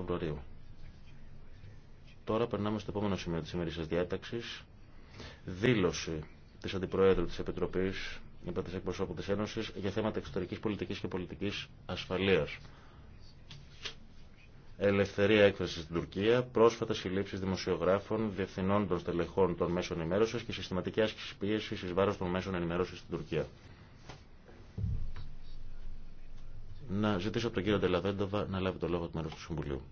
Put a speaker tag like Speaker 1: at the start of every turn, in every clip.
Speaker 1: Φεβρουαρίου. Τώρα περνάμε στο επόμενο σημείο της ημερήσιας διάταξη. Δήλωση της Αντιπροέδρου της Επιτροπή υπό της εκπροσώπου της Ένωσης για θέματα εξωτερική πολιτικής και πολιτικής ασφαλείας. Ελευθερία έκφραση στην Τουρκία, πρόσφατα συλλήψει δημοσιογράφων, διευθυνών των στελεχών των μέσων ενημέρωση και συστηματική άσκηση πίεση ει βάρο των μέσων ενημέρωση στην Τουρκία. να ζητήσω από τον κύριο Ντελαβέντοβα να λάβει το λόγο του μέρους του Συμβουλίου.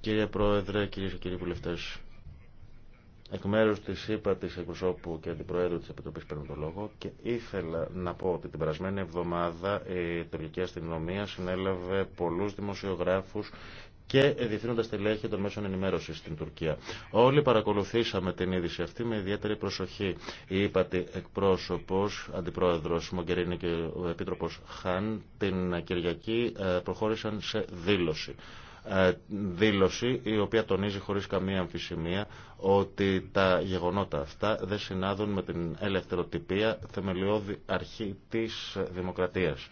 Speaker 1: Κύριε Πρόεδρε, κυρίες και κύριοι βουλευτές, εκ μέρου τη ΥΠΑ, τη εκπροσώπου και αντιπροέδρου τη Επιτροπή παίρνω το λόγο και ήθελα να πω ότι την περασμένη εβδομάδα η τουρκική αστυνομία συνέλαβε πολλού δημοσιογράφου και διευθύνοντα τελέχη των μέσων ενημέρωση στην Τουρκία. Όλοι παρακολουθήσαμε την είδηση αυτή με ιδιαίτερη προσοχή. Η ύπατη εκπρόσωπο, αντιπρόεδρο Μογκερίνη και ο επίτροπο Χαν την Κυριακή ε, προχώρησαν σε δήλωση ε, δήλωση η οποία τονίζει χωρίς καμία αμφισημία ότι τα γεγονότα αυτά δεν συνάδουν με την ελευθεροτυπία θεμελιώδη αρχή της δημοκρατίας.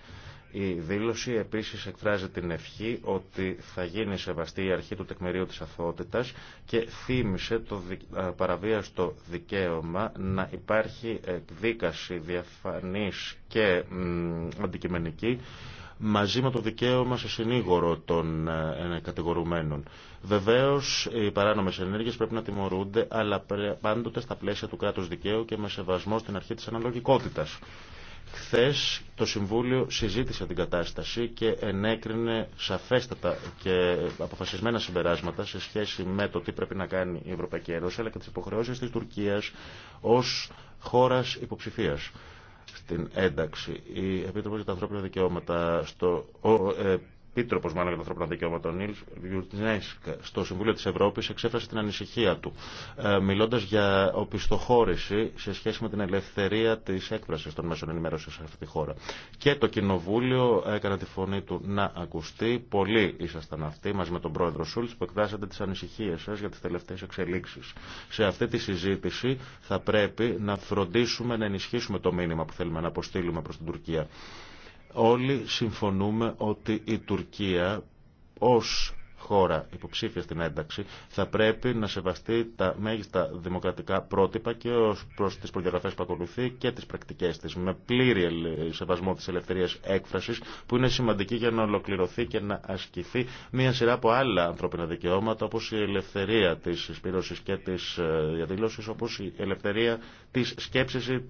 Speaker 1: Η δήλωση επίσης εκφράζει την ευχή ότι θα γίνει σεβαστή η αρχή του τεκμηρίου της αθωότητας και θύμισε το παραβίαστο δικαίωμα να υπάρχει εκδίκαση διαφανής και αντικειμενική μαζί με το δικαίωμα σε συνήγορο των ε, κατηγορουμένων. Βεβαίως οι παράνομες ενέργειες πρέπει να τιμωρούνται, αλλά πάντοτε στα πλαίσια του κράτους δικαίου και με σεβασμό στην αρχή της αναλογικότητας. Χθε το Συμβούλιο συζήτησε την κατάσταση και ενέκρινε σαφέστατα και αποφασισμένα συμπεράσματα σε σχέση με το τι πρέπει να κάνει η Ευρωπαϊκή Ένωση αλλά και τι υποχρεώσει της Τουρκίας ως χώρας υποψηφίας στην ένταξη. Η Επίτροπος για τα Ανθρώπινα Δικαιώματα στο ε, Επίτροπο μάλλον για τα ανθρώπινα δικαιώματα, ο Νίλ Βιουρτνέσκ, στο Συμβούλιο τη Ευρώπη εξέφρασε την ανησυχία του, ε, μιλώντα για οπισθοχώρηση σε σχέση με την ελευθερία τη έκφραση των μέσων ενημέρωση σε αυτή τη χώρα. Και το Κοινοβούλιο έκανε τη φωνή του να ακουστεί. Πολλοί ήσασταν αυτοί μαζί με τον πρόεδρο Σούλτ που εκδάσατε τι ανησυχίε σα για τι τελευταίε εξελίξει. Σε αυτή τη συζήτηση θα πρέπει να φροντίσουμε να ενισχύσουμε το μήνυμα που θέλουμε να αποστείλουμε προ την Τουρκία. Όλοι συμφωνούμε ότι η Τουρκία ως χώρα υποψήφια στην ένταξη θα πρέπει να σεβαστεί τα μέγιστα δημοκρατικά πρότυπα και ω προ τι προδιαγραφέ που ακολουθεί και τι πρακτικέ τη, με πλήρη σεβασμό τη ελευθερία έκφραση, που είναι σημαντική για να ολοκληρωθεί και να ασκηθεί μια σειρά από άλλα ανθρώπινα δικαιώματα, όπω η ελευθερία τη εισπήρωση και τη ε, διαδήλωση, όπω η ελευθερία τη σκέψη ή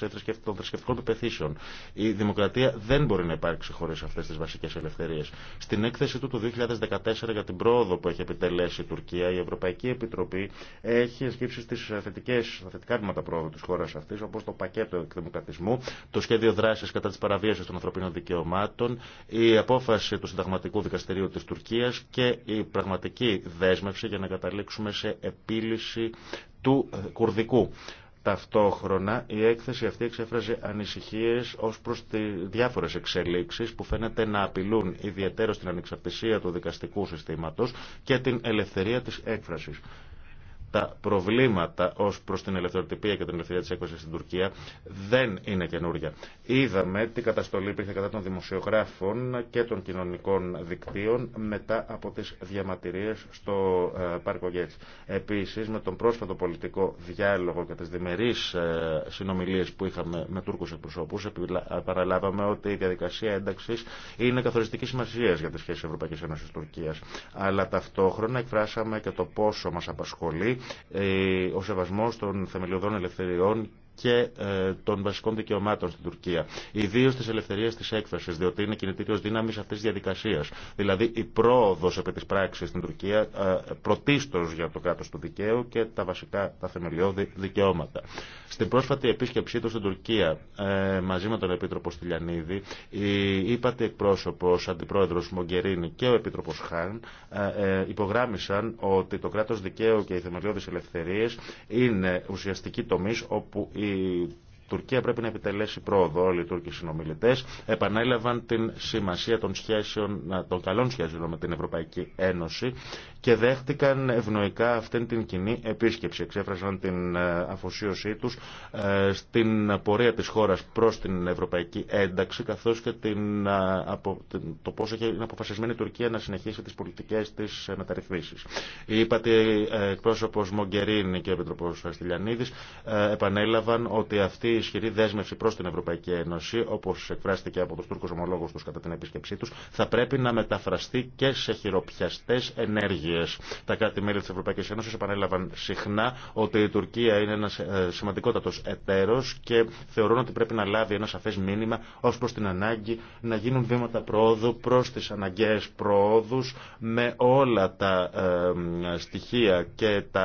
Speaker 1: ε, των θρησκευτικών του πεθήσεων. δημοκρατία δεν μπορεί να υπάρξει χωρί αυτέ τι βασικέ ελευθερίε. Στην έκθεση του το 2014 για την πρόοδο που έχει επιτελέσει η Τουρκία, η Ευρωπαϊκή Επιτροπή έχει ασκήψει στι θετικά βήματα πρόοδου τη χώρα αυτή, όπω το πακέτο εκδημοκρατισμού, το σχέδιο δράση κατά τη παραβίασης των ανθρωπίνων δικαιωμάτων, η απόφαση του Συνταγματικού Δικαστηρίου τη Τουρκία και η πραγματική δέσμευση για να καταλήξουμε σε επίλυση του κουρδικού Ταυτόχρονα η έκθεση αυτή εξέφραζε ανησυχίες ως προς τι διάφορες εξελίξεις που φαίνεται να απειλούν ιδιαίτερα στην ανεξαρτησία του δικαστικού συστήματος και την ελευθερία της έκφρασης τα προβλήματα ω προ την ελευθεροτυπία και την ελευθερία τη έκφραση στην Τουρκία δεν είναι καινούρια. Είδαμε τι καταστολή υπήρχε κατά των δημοσιογράφων και των κοινωνικών δικτύων μετά από τι διαμαρτυρίε στο Πάρκο Γκέτ. Επίση, με τον πρόσφατο πολιτικό διάλογο και τι διμερεί ε, συνομιλίε που είχαμε με Τούρκου εκπροσώπου, ε, παραλάβαμε ότι η διαδικασία ένταξη είναι καθοριστική σημασία για τι σχέσει Ευρωπαϊκή Ένωση Τουρκία. Αλλά ταυτόχρονα εκφράσαμε και το πόσο μα απασχολεί ε, ο σεβασμός των θεμελιωδών ελευθεριών και ε, των βασικών δικαιωμάτων στην Τουρκία. Ιδίω τη ελευθερία τη έκφραση, διότι είναι κινητήριο δύναμη αυτή τη διαδικασία. Δηλαδή η πρόοδο επί τη πράξη στην Τουρκία ε, πρωτίστω για το κράτο του δικαίου και τα βασικά, τα θεμελιώδη δικαιώματα. Στην πρόσφατη επίσκεψή του στην Τουρκία ε, μαζί με τον Επίτροπο Στυλιανίδη, η ύπατη εκπρόσωπο, αντιπρόεδρο Μογκερίνη και ο Επίτροπο Χάν υπογράμμισαν ότι το κράτο δικαίου και οι θεμελιώδει ελευθερίε είναι ουσιαστική τομεί όπου η AUTHORWAVE Τουρκία πρέπει να επιτελέσει πρόοδο. Όλοι οι Τούρκοι συνομιλητέ επανέλαβαν την σημασία των, σχέσεων, των καλών σχέσεων με την Ευρωπαϊκή Ένωση και δέχτηκαν ευνοϊκά αυτήν την κοινή επίσκεψη. Εξέφρασαν την ε, αφοσίωσή του ε, στην πορεία τη χώρα προ την Ευρωπαϊκή Ένταξη καθώ και την, ε, το πώ είναι αποφασισμένη η Τουρκία να συνεχίσει τι πολιτικέ τη μεταρρυθμίσει. Είπατε εκπρόσωπο Μογκερίνη και ο Επιτροπό επανέλαβαν ότι αυτή ισχυρή δέσμευση προ την Ευρωπαϊκή Ένωση, όπω εκφράστηκε από του Τούρκου ομολόγου του κατά την επίσκεψή του, θα πρέπει να μεταφραστεί και σε χειροπιαστέ ενέργειε. Τα κράτη-μέλη τη Ευρωπαϊκή Ένωση επανέλαβαν συχνά ότι η Τουρκία είναι ένα ε, σημαντικότατο εταίρο και θεωρούν ότι πρέπει να λάβει ένα σαφέ μήνυμα ω προ την ανάγκη να γίνουν βήματα προόδου προ τι αναγκαίε προόδου με όλα τα ε, στοιχεία και τα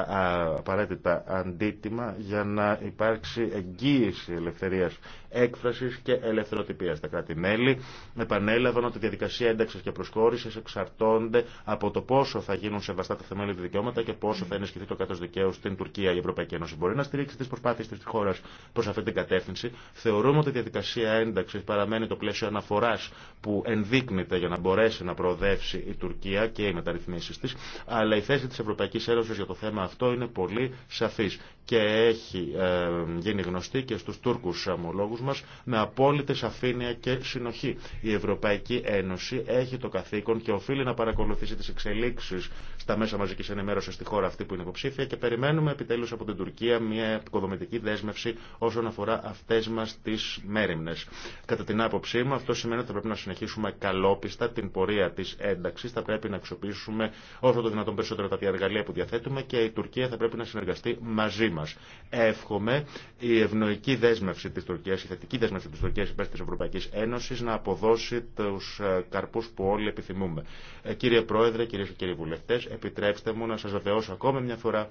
Speaker 1: απαραίτητα αντίτιμα για να υπάρξει εγγύηση ελευθερίας έκφρασης και ελευθεροτυπίας. Τα κράτη-μέλη επανέλαβαν ότι η διαδικασία ένταξης και προσχώρησης εξαρτώνται από το πόσο θα γίνουν σεβαστά τα θεμέλια δικαιώματα και πόσο θα ενισχυθεί το κράτος δικαίου στην Τουρκία. Η Ευρωπαϊκή Ένωση μπορεί να στηρίξει τις προσπάθειες της χώρας προς αυτή την κατεύθυνση. Θεωρούμε ότι η διαδικασία ένταξης παραμένει το πλαίσιο αναφοράς που ενδείκνεται για να μπορέσει να προοδεύσει η Τουρκία και οι μεταρρυθμίσεις της, αλλά η θέση της Ευρωπαϊκής Ένωσης για το θέμα αυτό είναι πολύ σαφής και έχει ε, γίνει γνωστή και στους Τούρκους ομολόγους στόχους μας με απόλυτη σαφήνεια και συνοχή. Η Ευρωπαϊκή Ένωση έχει το καθήκον και οφείλει να παρακολουθήσει τις εξελίξεις στα μέσα μαζικής ενημέρωσης στη χώρα αυτή που είναι υποψήφια και περιμένουμε επιτέλους από την Τουρκία μια επικοδομητική δέσμευση όσον αφορά αυτές μας τις μέρημνες. Κατά την άποψή μου αυτό σημαίνει ότι θα πρέπει να συνεχίσουμε καλόπιστα την πορεία της ένταξης, θα πρέπει να αξιοποιήσουμε όσο το δυνατόν περισσότερο τα διαργαλεία που διαθέτουμε και η Τουρκία θα πρέπει να συνεργαστεί μαζί μας. Εύχομαι η ευνοϊκή δέσμευση της Τουρκίας θετική δέσμευση τη Τουρκία υπέρ τη Ευρωπαϊκή Ένωση να αποδώσει του ε, καρπού που όλοι επιθυμούμε. Ε, κύριε Πρόεδρε, κυρίε και κύριοι βουλευτέ, επιτρέψτε μου να σα βεβαιώσω ακόμα μια φορά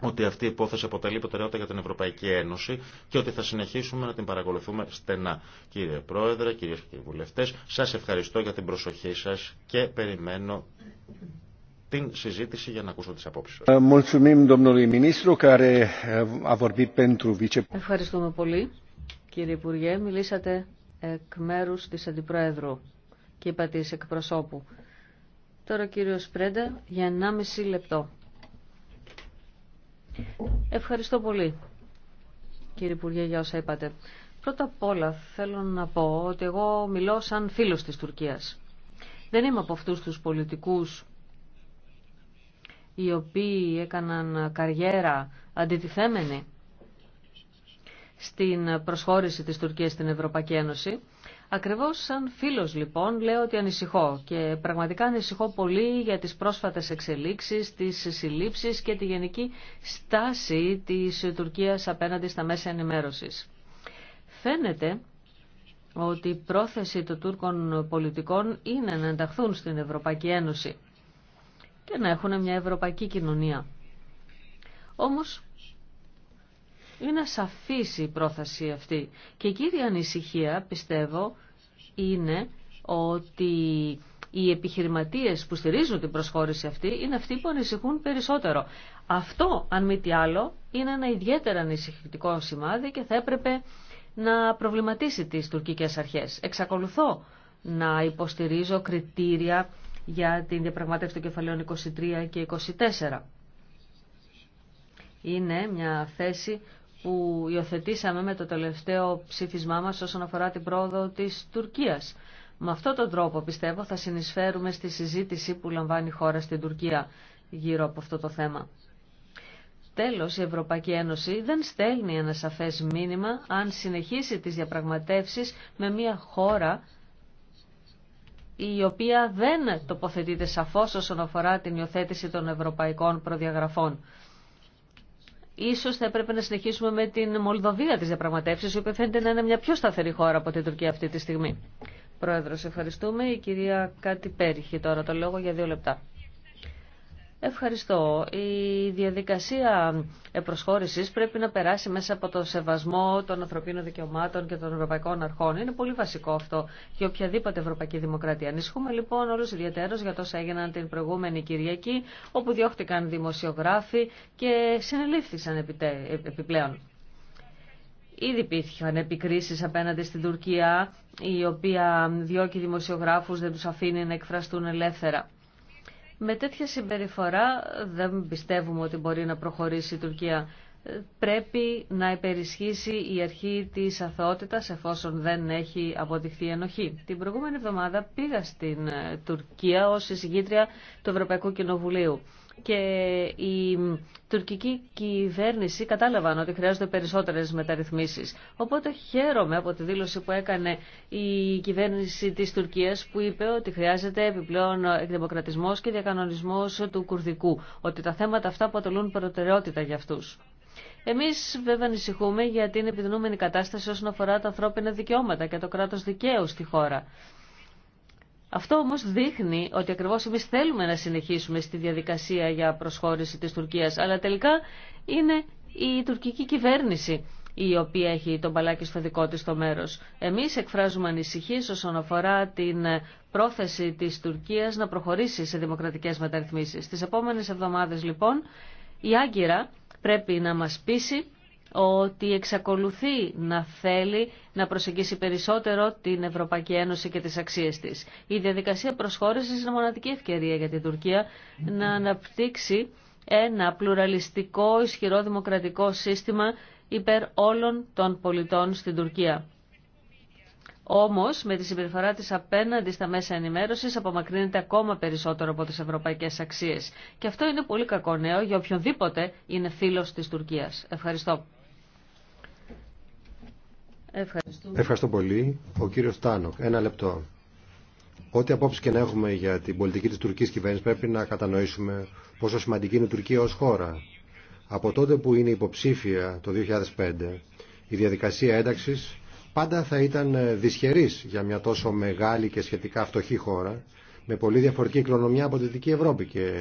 Speaker 1: ότι αυτή η υπόθεση αποτελεί προτεραιότητα για την Ευρωπαϊκή Ένωση και ότι θα συνεχίσουμε να την παρακολουθούμε στενά. Κύριε Πρόεδρε, κυρίε και κύριοι βουλευτέ, σα ευχαριστώ για την προσοχή σα και περιμένω την συζήτηση για να ακούσω τις απόψεις
Speaker 2: σας.
Speaker 3: Ε,
Speaker 4: Ευχαριστούμε πολύ. Κύριε Υπουργέ, μιλήσατε εκ μέρους της Αντιπρόεδρου και είπα της εκπροσώπου. Τώρα ο κύριος Πρέντα για 1,5 λεπτό. Ευχαριστώ πολύ, κύριε Υπουργέ, για όσα είπατε. Πρώτα απ' όλα θέλω να πω ότι εγώ μιλώ σαν φίλος της Τουρκίας. Δεν είμαι από αυτούς τους πολιτικούς οι οποίοι έκαναν καριέρα αντιτιθέμενοι στην προσχώρηση της Τουρκίας στην Ευρωπαϊκή Ένωση. Ακριβώς σαν φίλος λοιπόν λέω ότι ανησυχώ και πραγματικά ανησυχώ πολύ για τις πρόσφατες εξελίξεις, τις συλλήψεις και τη γενική στάση της Τουρκίας απέναντι στα μέσα ενημέρωσης. Φαίνεται ότι η πρόθεση των Τούρκων πολιτικών είναι να ενταχθούν στην Ευρωπαϊκή Ένωση και να έχουν μια ευρωπαϊκή κοινωνία. Όμως είναι σαφής η πρόθεση αυτή. Και η κύρια ανησυχία, πιστεύω, είναι ότι οι επιχειρηματίες που στηρίζουν την προσχώρηση αυτή είναι αυτοί που ανησυχούν περισσότερο. Αυτό, αν μη τι άλλο, είναι ένα ιδιαίτερα ανησυχητικό σημάδι και θα έπρεπε να προβληματίσει τις τουρκικές αρχές. Εξακολουθώ να υποστηρίζω κριτήρια για την διαπραγματεύση των κεφαλαίων 23 και 24. Είναι μια θέση που υιοθετήσαμε με το τελευταίο ψήφισμά μας όσον αφορά την πρόοδο της Τουρκίας. Με αυτόν τον τρόπο πιστεύω θα συνεισφέρουμε στη συζήτηση που λαμβάνει η χώρα στην Τουρκία γύρω από αυτό το θέμα. Τέλος, η Ευρωπαϊκή Ένωση δεν στέλνει ένα σαφές μήνυμα αν συνεχίσει τις διαπραγματεύσεις με μια χώρα η οποία δεν τοποθετείται σαφώς όσον αφορά την υιοθέτηση των ευρωπαϊκών προδιαγραφών. Ίσως θα έπρεπε να συνεχίσουμε με την Μολδοβία τη διαπραγματεύσει, η οποία φαίνεται να είναι μια πιο σταθερή χώρα από την Τουρκία αυτή τη στιγμή. Πρόεδρο, ευχαριστούμε. Η κυρία Κάτι Πέριχη τώρα το λόγο για δύο λεπτά. Ευχαριστώ. Η διαδικασία προσχώρησης πρέπει να περάσει μέσα από το σεβασμό των ανθρωπίνων δικαιωμάτων και των ευρωπαϊκών αρχών. Είναι πολύ βασικό αυτό για οποιαδήποτε ευρωπαϊκή δημοκρατία. Ανησυχούμε λοιπόν όλους ιδιαίτερως για τόσα έγιναν την προηγούμενη Κυριακή, όπου διώχτηκαν δημοσιογράφοι και συνελήφθησαν επιπλέον. Ήδη πήθηκαν επικρίσεις απέναντι στην Τουρκία, η οποία διώκει δημοσιογράφους, δεν τους αφήνει να εκφραστούν ελεύθερα. Με τέτοια συμπεριφορά δεν πιστεύουμε ότι μπορεί να προχωρήσει η Τουρκία. Πρέπει να υπερισχύσει η αρχή της αθωότητας εφόσον δεν έχει αποδειχθεί ενοχή. Την προηγούμενη εβδομάδα πήγα στην ε, Τουρκία ως εισηγήτρια του Ευρωπαϊκού Κοινοβουλίου και η τουρκική κυβέρνηση κατάλαβαν ότι χρειάζονται περισσότερες μεταρρυθμίσεις. Οπότε χαίρομαι από τη δήλωση που έκανε η κυβέρνηση της Τουρκίας που είπε ότι χρειάζεται επιπλέον εκδημοκρατισμός και διακανονισμός του Κουρδικού, ότι τα θέματα αυτά αποτελούν προτεραιότητα για αυτούς. Εμεί βέβαια ανησυχούμε για την επιδεινούμενη κατάσταση όσον αφορά τα ανθρώπινα δικαιώματα και το κράτο δικαίου στη χώρα. Αυτό όμως δείχνει ότι ακριβώς εμείς θέλουμε να συνεχίσουμε στη διαδικασία για προσχώρηση της Τουρκίας, αλλά τελικά είναι η τουρκική κυβέρνηση η οποία έχει τον παλάκι στο δικό της το μέρος. Εμείς εκφράζουμε ανησυχίε όσον αφορά την πρόθεση της Τουρκίας να προχωρήσει σε δημοκρατικές μεταρρυθμίσεις. Τις επόμενες εβδομάδες λοιπόν η Άγκυρα πρέπει να μας πείσει ότι εξακολουθεί να θέλει να προσεγγίσει περισσότερο την Ευρωπαϊκή Ένωση και τις αξίες της. Η διαδικασία προσχώρησης είναι μοναδική ευκαιρία για την Τουρκία να αναπτύξει ένα πλουραλιστικό, ισχυρό δημοκρατικό σύστημα υπέρ όλων των πολιτών στην Τουρκία. Όμως, με τη συμπεριφορά της απέναντι στα μέσα ενημέρωσης απομακρύνεται ακόμα περισσότερο από τις ευρωπαϊκές αξίες. Και αυτό είναι πολύ κακό νέο για οποιονδήποτε είναι φίλος της Τουρκίας. Ευχαριστώ. Ευχαριστώ. Ευχαριστώ
Speaker 3: πολύ. Ο κύριο Τάνοκ, ένα λεπτό. Ό,τι απόψη και να έχουμε για την πολιτική τη Τουρκική κυβέρνηση πρέπει να κατανοήσουμε πόσο σημαντική είναι η Τουρκία ω χώρα. Από τότε που είναι υποψήφια το 2005, η διαδικασία ένταξη πάντα θα ήταν δυσχερή για μια τόσο μεγάλη και σχετικά φτωχή χώρα με πολύ διαφορετική κληρονομιά από την Δυτική Ευρώπη και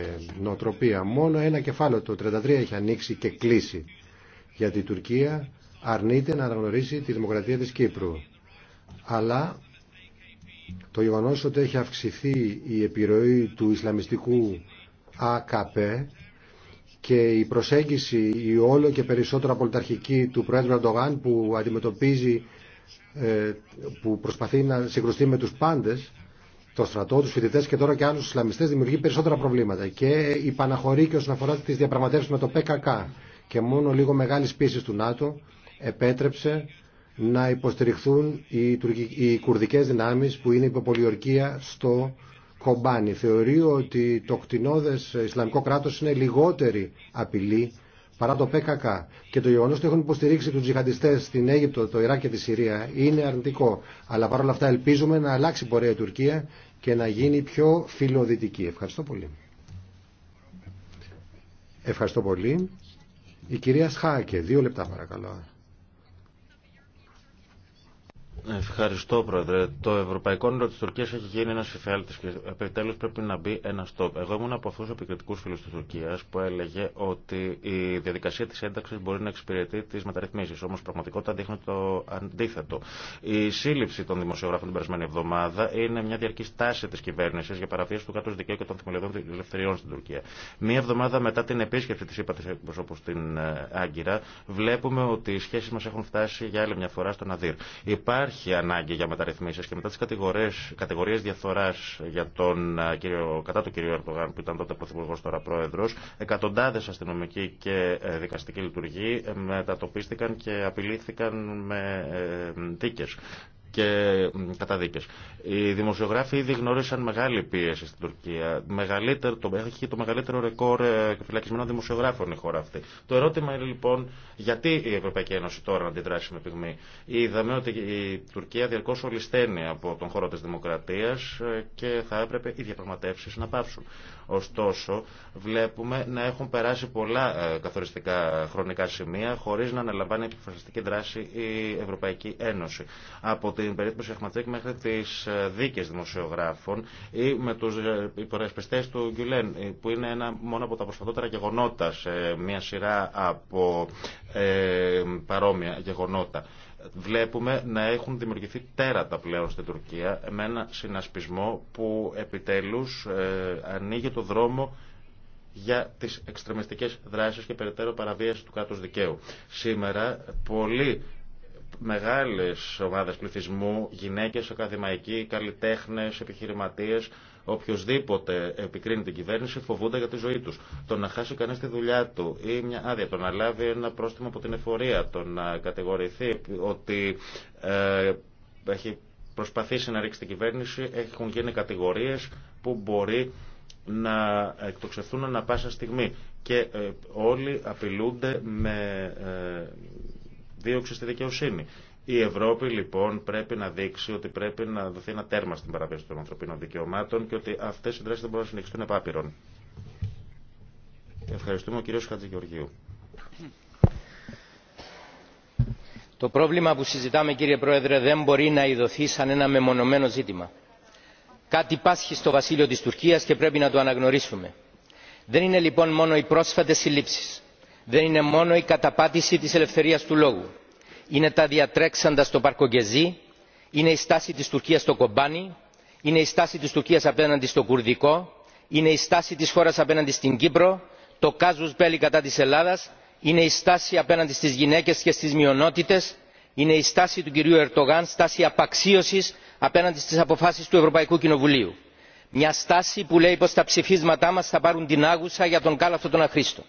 Speaker 3: νοοτροπία. Μόνο ένα κεφάλαιο το 33 έχει ανοίξει και κλείσει. για η Τουρκία αρνείται να αναγνωρίσει τη δημοκρατία της Κύπρου. Αλλά το γεγονός ότι έχει αυξηθεί η επιρροή του Ισλαμιστικού ΑΚΠ και η προσέγγιση η όλο και περισσότερο πολιταρχική του Πρόεδρου Αντογάν που αντιμετωπίζει ε, που προσπαθεί να συγκρουστεί με τους πάντες το στρατό, του φοιτητέ και τώρα και άλλους Ισλαμιστές, δημιουργεί περισσότερα προβλήματα. Και υπαναχωρεί και όσον αφορά τι διαπραγματεύσει με το ΠΚΚ και μόνο λίγο μεγάλη πίεση του ΝΑΤΟ επέτρεψε να υποστηριχθούν οι, οι κουρδικές δυνάμεις που είναι πολιορκία στο Κομπάνι. Θεωρεί ότι το κτηνόδες Ισλαμικό κράτος είναι λιγότερη απειλή παρά το ΠΚΚ και το γεγονό ότι έχουν υποστηρίξει του τζιχαντιστέ στην Αίγυπτο, το Ιράκ και τη Συρία είναι αρνητικό. Αλλά παρόλα αυτά ελπίζουμε να αλλάξει πορεία η Τουρκία και να γίνει πιο φιλοδυτική. Ευχαριστώ πολύ. Ευχαριστώ πολύ. Η κυρία Σχάκε, δύο λεπτά παρακαλώ.
Speaker 1: Ευχαριστώ, Πρόεδρε. Το Ευρωπαϊκό Όνειρο τη Τουρκία έχει γίνει ένα εφιάλτη και επιτέλου πρέπει να μπει ένα στόπ. Εγώ ήμουν από αυτού του επικριτικού φίλου τη Τουρκία που έλεγε ότι η διαδικασία τη ένταξη μπορεί να εξυπηρετεί τι μεταρρυθμίσει. Όμω πραγματικότητα δείχνει το αντίθετο. Η σύλληψη των δημοσιογράφων την περασμένη εβδομάδα είναι μια διαρκή στάση τη κυβέρνηση για παραβίαση του κράτου δικαίου και των θεμελιωδών ελευθεριών στην Τουρκία. Μία εβδομάδα μετά την επίσκεψη τη ύπατη εκπροσώπου στην ε, Άγκυρα, βλέπουμε ότι οι σχέσει μα έχουν φτάσει για άλλη μια φορά στον Αδύρ. Υπάρχει υπάρχει ανάγκη για μεταρρυθμίσει και μετά τι κατηγορίε διαφθορά για τον, κύριο, κατά τον κύριο Ερτογάν που ήταν τότε πρωθυπουργό, τώρα Πρόεδρο, εκατοντάδε αστυνομικοί και ε, δικαστικοί λειτουργοί μετατοπίστηκαν και απειλήθηκαν με ε, δίκε και καταδίκε. Οι δημοσιογράφοι ήδη γνώρισαν μεγάλη πίεση στην Τουρκία. Μεγαλύτερο, το, έχει το μεγαλύτερο ρεκόρ ε, φυλακισμένων δημοσιογράφων η χώρα αυτή. Το ερώτημα είναι λοιπόν γιατί η Ευρωπαϊκή Ένωση τώρα να αντιδράσει με πυγμή. Είδαμε ότι η Τουρκία διαρκώ ολισθαίνει από τον χώρο τη δημοκρατία ε, και θα έπρεπε οι διαπραγματεύσει να πάψουν. Ωστόσο, βλέπουμε να έχουν περάσει πολλά ε, καθοριστικά χρονικά σημεία χωρί να αναλαμβάνει επιφασιστική δράση η Ευρωπαϊκή Ένωση. Από την περίπτωση Αχματσέκ μέχρι τι ε, δίκε δημοσιογράφων ή με τους ε, υπερασπιστέ του Γκουλέν, που είναι ένα μόνο από τα προσπαθότερα γεγονότα σε μια σειρά από παρόμοια γεγονότα βλέπουμε να έχουν δημιουργηθεί τέρατα πλέον στην Τουρκία με ένα συνασπισμό που επιτέλους ε, ανοίγει το δρόμο για τις εξτρεμιστικές δράσεις και περαιτέρω παραβίαση του κράτους δικαίου. Σήμερα πολύ μεγάλες ομάδες πληθυσμού, γυναίκες, ακαδημαϊκοί, καλλιτέχνες, επιχειρηματίες Οποιοδήποτε επικρίνει την κυβέρνηση φοβούνται για τη ζωή του. Το να χάσει κανεί τη δουλειά του ή μια άδεια, το να λάβει ένα πρόστιμο από την εφορία, το να κατηγορηθεί ότι ε, έχει προσπαθήσει να ρίξει την κυβέρνηση, έχουν γίνει κατηγορίε που μπορεί να εκτοξευθούν ανα πάσα στιγμή. Και ε, όλοι απειλούνται με ε, δίωξη στη δικαιοσύνη. Η Ευρώπη λοιπόν πρέπει να δείξει ότι πρέπει να δοθεί ένα τέρμα στην παραβίαση των ανθρωπίνων δικαιωμάτων και ότι αυτέ οι δράσει δεν μπορούν να συνεχιστούν επάπειρον. Ευχαριστούμε ο κύριο
Speaker 5: Χατζηγεωργίου. Το πρόβλημα που συζητάμε κύριε Πρόεδρε δεν μπορεί να ειδωθεί σαν ένα μεμονωμένο ζήτημα. Κάτι πάσχει στο βασίλειο της Τουρκίας και πρέπει να το αναγνωρίσουμε. Δεν είναι λοιπόν μόνο οι πρόσφατες συλλήψεις. Δεν είναι μόνο η καταπάτηση τη ελευθερία του λόγου είναι τα διατρέξαντα στο πάρκο γκεζί είναι η στάση της τουρκίας στο κομπάνι είναι η στάση της τουρκίας απέναντι στο κουρδικό είναι η στάση της χώρας απέναντι στην κύπρο το κάζους μπέλι κατά της ελλάδας είναι η στάση απέναντι στις γυναίκες και στις μειονότητες είναι η στάση του κυρίου ερντογάν στάση απαξίωσης απέναντι στις αποφάσεις του ευρωπαϊκού κοινοβουλίου μια στάση που λέει πως τα ψηφίσματά μας θα πάρουν την άγουσα για τον κάλαθο των αχρήστων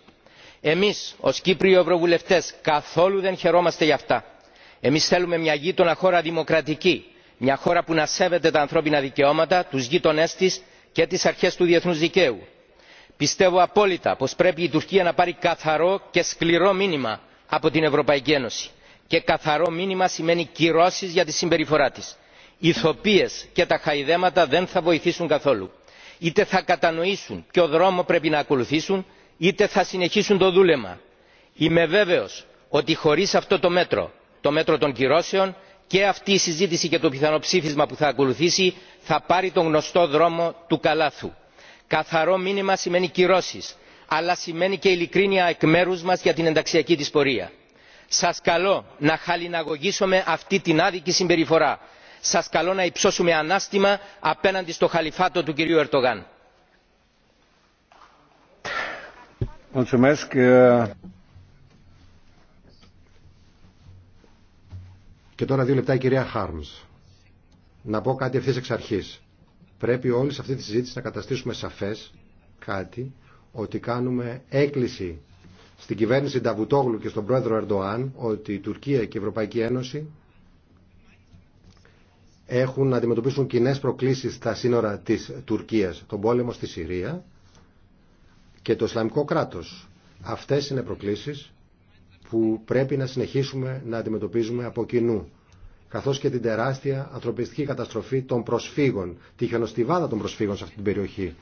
Speaker 5: εμείς ως Κύπριοι ευρωβουλευτές καθόλου δεν χαιρόμαστε γι' αυτά. εμείς θέλουμε μια γείτονα χώρα δημοκρατική μια χώρα που να σέβεται τα ανθρώπινα δικαιώματα τους γείτονές της και τις αρχές του διεθνούς δικαίου. πιστεύω απόλυτα πως πρέπει η τουρκία να πάρει καθαρό και σκληρό μήνυμα από την ευρωπαϊκή ένωση και καθαρό μήνυμα σημαίνει κυρώσεις για τη συμπεριφορά της. οι και τα χαϊδέματα δεν θα βοηθήσουν καθόλου. είτε θα κατανοήσουν ποιο δρόμο πρέπει να ακολουθήσουν είτε θα συνεχίσουν το δούλεμα. είμαι βέβαιος ότι χωρίς αυτό το μέτρο το μέτρο των κυρώσεων και αυτή η συζήτηση και το πιθανό ψήφισμα που θα ακολουθήσει θα πάρει τον γνωστό δρόμο του καλάθου. καθαρό μήνυμα σημαίνει κυρώσεις αλλά σημαίνει και ειλικρίνεια εκ μέρους μας για την ενταξιακή της πορεία. σας καλώ να χαλιναγωγήσουμε αυτή την άδικη συμπεριφορά. σας καλώ να υψώσουμε ανάστημα απέναντι στο χαλιφάτο του κυρίου Ερτογάν.
Speaker 6: Και
Speaker 3: τώρα δύο λεπτά η κυρία Χάρμς. Να πω κάτι ευθύ εξ αρχής. Πρέπει όλοι σε αυτή τη συζήτηση να καταστήσουμε σαφές κάτι ότι κάνουμε έκκληση στην κυβέρνηση Νταβουτόγλου και στον πρόεδρο Ερντοάν ότι η Τουρκία και η Ευρωπαϊκή Ένωση έχουν να αντιμετωπίσουν κοινέ προκλήσεις στα σύνορα της Τουρκίας, τον πόλεμο στη Συρία και το Ισλαμικό κράτος. Αυτές είναι προκλήσεις που πρέπει να συνεχίσουμε να αντιμετωπίζουμε από κοινού καθώς και την τεράστια ανθρωπιστική καταστροφή των προσφύγων, τη χιονοστιβάδα των προσφύγων σε αυτή την περιοχή.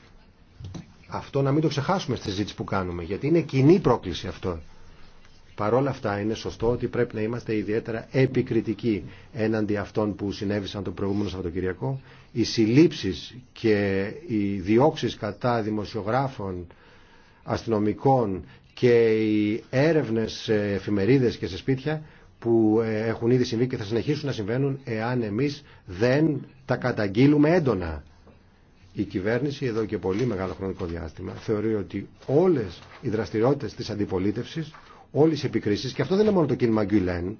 Speaker 3: Αυτό να μην το ξεχάσουμε στη συζήτηση που κάνουμε, γιατί είναι κοινή πρόκληση αυτό. Παρ' όλα αυτά είναι σωστό ότι πρέπει να είμαστε ιδιαίτερα επικριτικοί έναντι αυτών που συνέβησαν τον προηγούμενο Σαββατοκυριακό. Οι συλλήψεις και οι διώξεις κατά δημοσιογράφων, αστυνομικών και οι έρευνες σε εφημερίδες και σε σπίτια που ε, έχουν ήδη συμβεί και θα συνεχίσουν να συμβαίνουν εάν εμείς δεν τα καταγγείλουμε έντονα. Η κυβέρνηση εδώ και πολύ μεγάλο χρονικό διάστημα θεωρεί ότι όλες οι δραστηριότητες της αντιπολίτευσης, όλες οι επικρίσεις, και αυτό δεν είναι μόνο το κίνημα Γκουλέν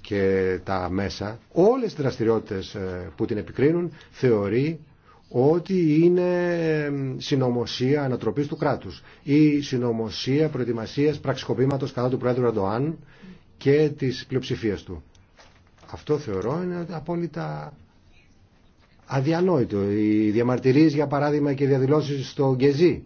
Speaker 3: και τα μέσα, όλες οι δραστηριότητες ε, που την επικρίνουν θεωρεί ότι είναι συνωμοσία ανατροπής του κράτους ή συνωμοσία προετοιμασία πραξικοπήματο κατά του Πρόεδρου Αντοάν και της πλειοψηφία του. Αυτό θεωρώ είναι απόλυτα αδιανόητο. Οι διαμαρτυρίε, για παράδειγμα και οι διαδηλώσει στο Γκεζί,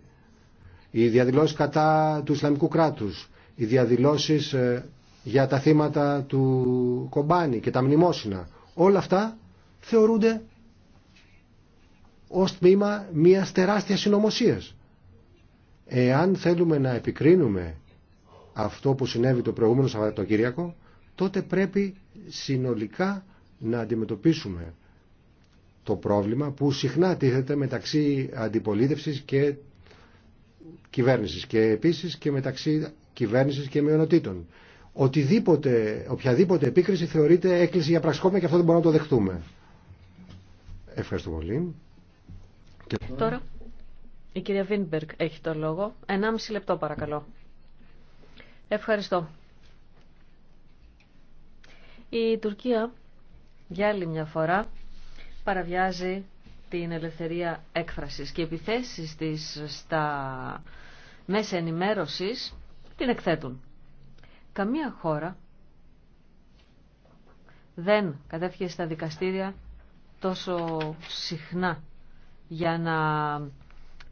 Speaker 3: οι διαδηλώσει κατά του Ισλαμικού κράτους, οι διαδηλώσει ε, για τα θύματα του Κομπάνη και τα μνημόσυνα. Όλα αυτά θεωρούνται ως τμήμα μιας τεράστιας συνωμοσία. Εάν θέλουμε να επικρίνουμε αυτό που συνέβη το προηγούμενο Σαββατοκύριακο, τότε πρέπει συνολικά να αντιμετωπίσουμε το πρόβλημα που συχνά τίθεται μεταξύ αντιπολίτευσης και κυβέρνησης και επίσης και μεταξύ κυβέρνησης και μειονοτήτων. Οτιδήποτε, οποιαδήποτε επίκριση θεωρείται έκκληση για πραξικόπημα και αυτό δεν μπορούμε να το δεχτούμε. Ευχαριστώ πολύ.
Speaker 4: Τώρα η κυρία Βίνμπεργκ έχει το λόγο. Ενάμιση λεπτό παρακαλώ. Ευχαριστώ. Η Τουρκία για άλλη μια φορά παραβιάζει την ελευθερία έκφρασης και οι επιθέσεις της στα μέσα ενημέρωσης την εκθέτουν. Καμία χώρα δεν κατέφυγε στα δικαστήρια τόσο συχνά για να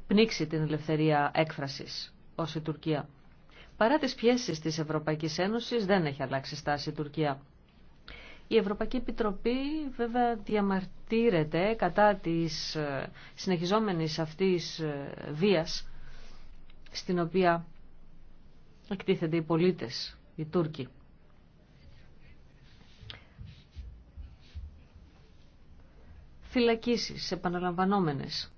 Speaker 4: πνίξει την ελευθερία έκφρασης ως η Τουρκία. Παρά τις πιέσεις της Ευρωπαϊκής Ένωσης δεν έχει αλλάξει στάση η Τουρκία. Η Ευρωπαϊκή Επιτροπή βέβαια διαμαρτύρεται κατά της ε, συνεχιζόμενης αυτής ε, βίας στην οποία εκτίθενται οι πολίτες, οι Τούρκοι. φυλακίσεις επαναλαμβανόμενες.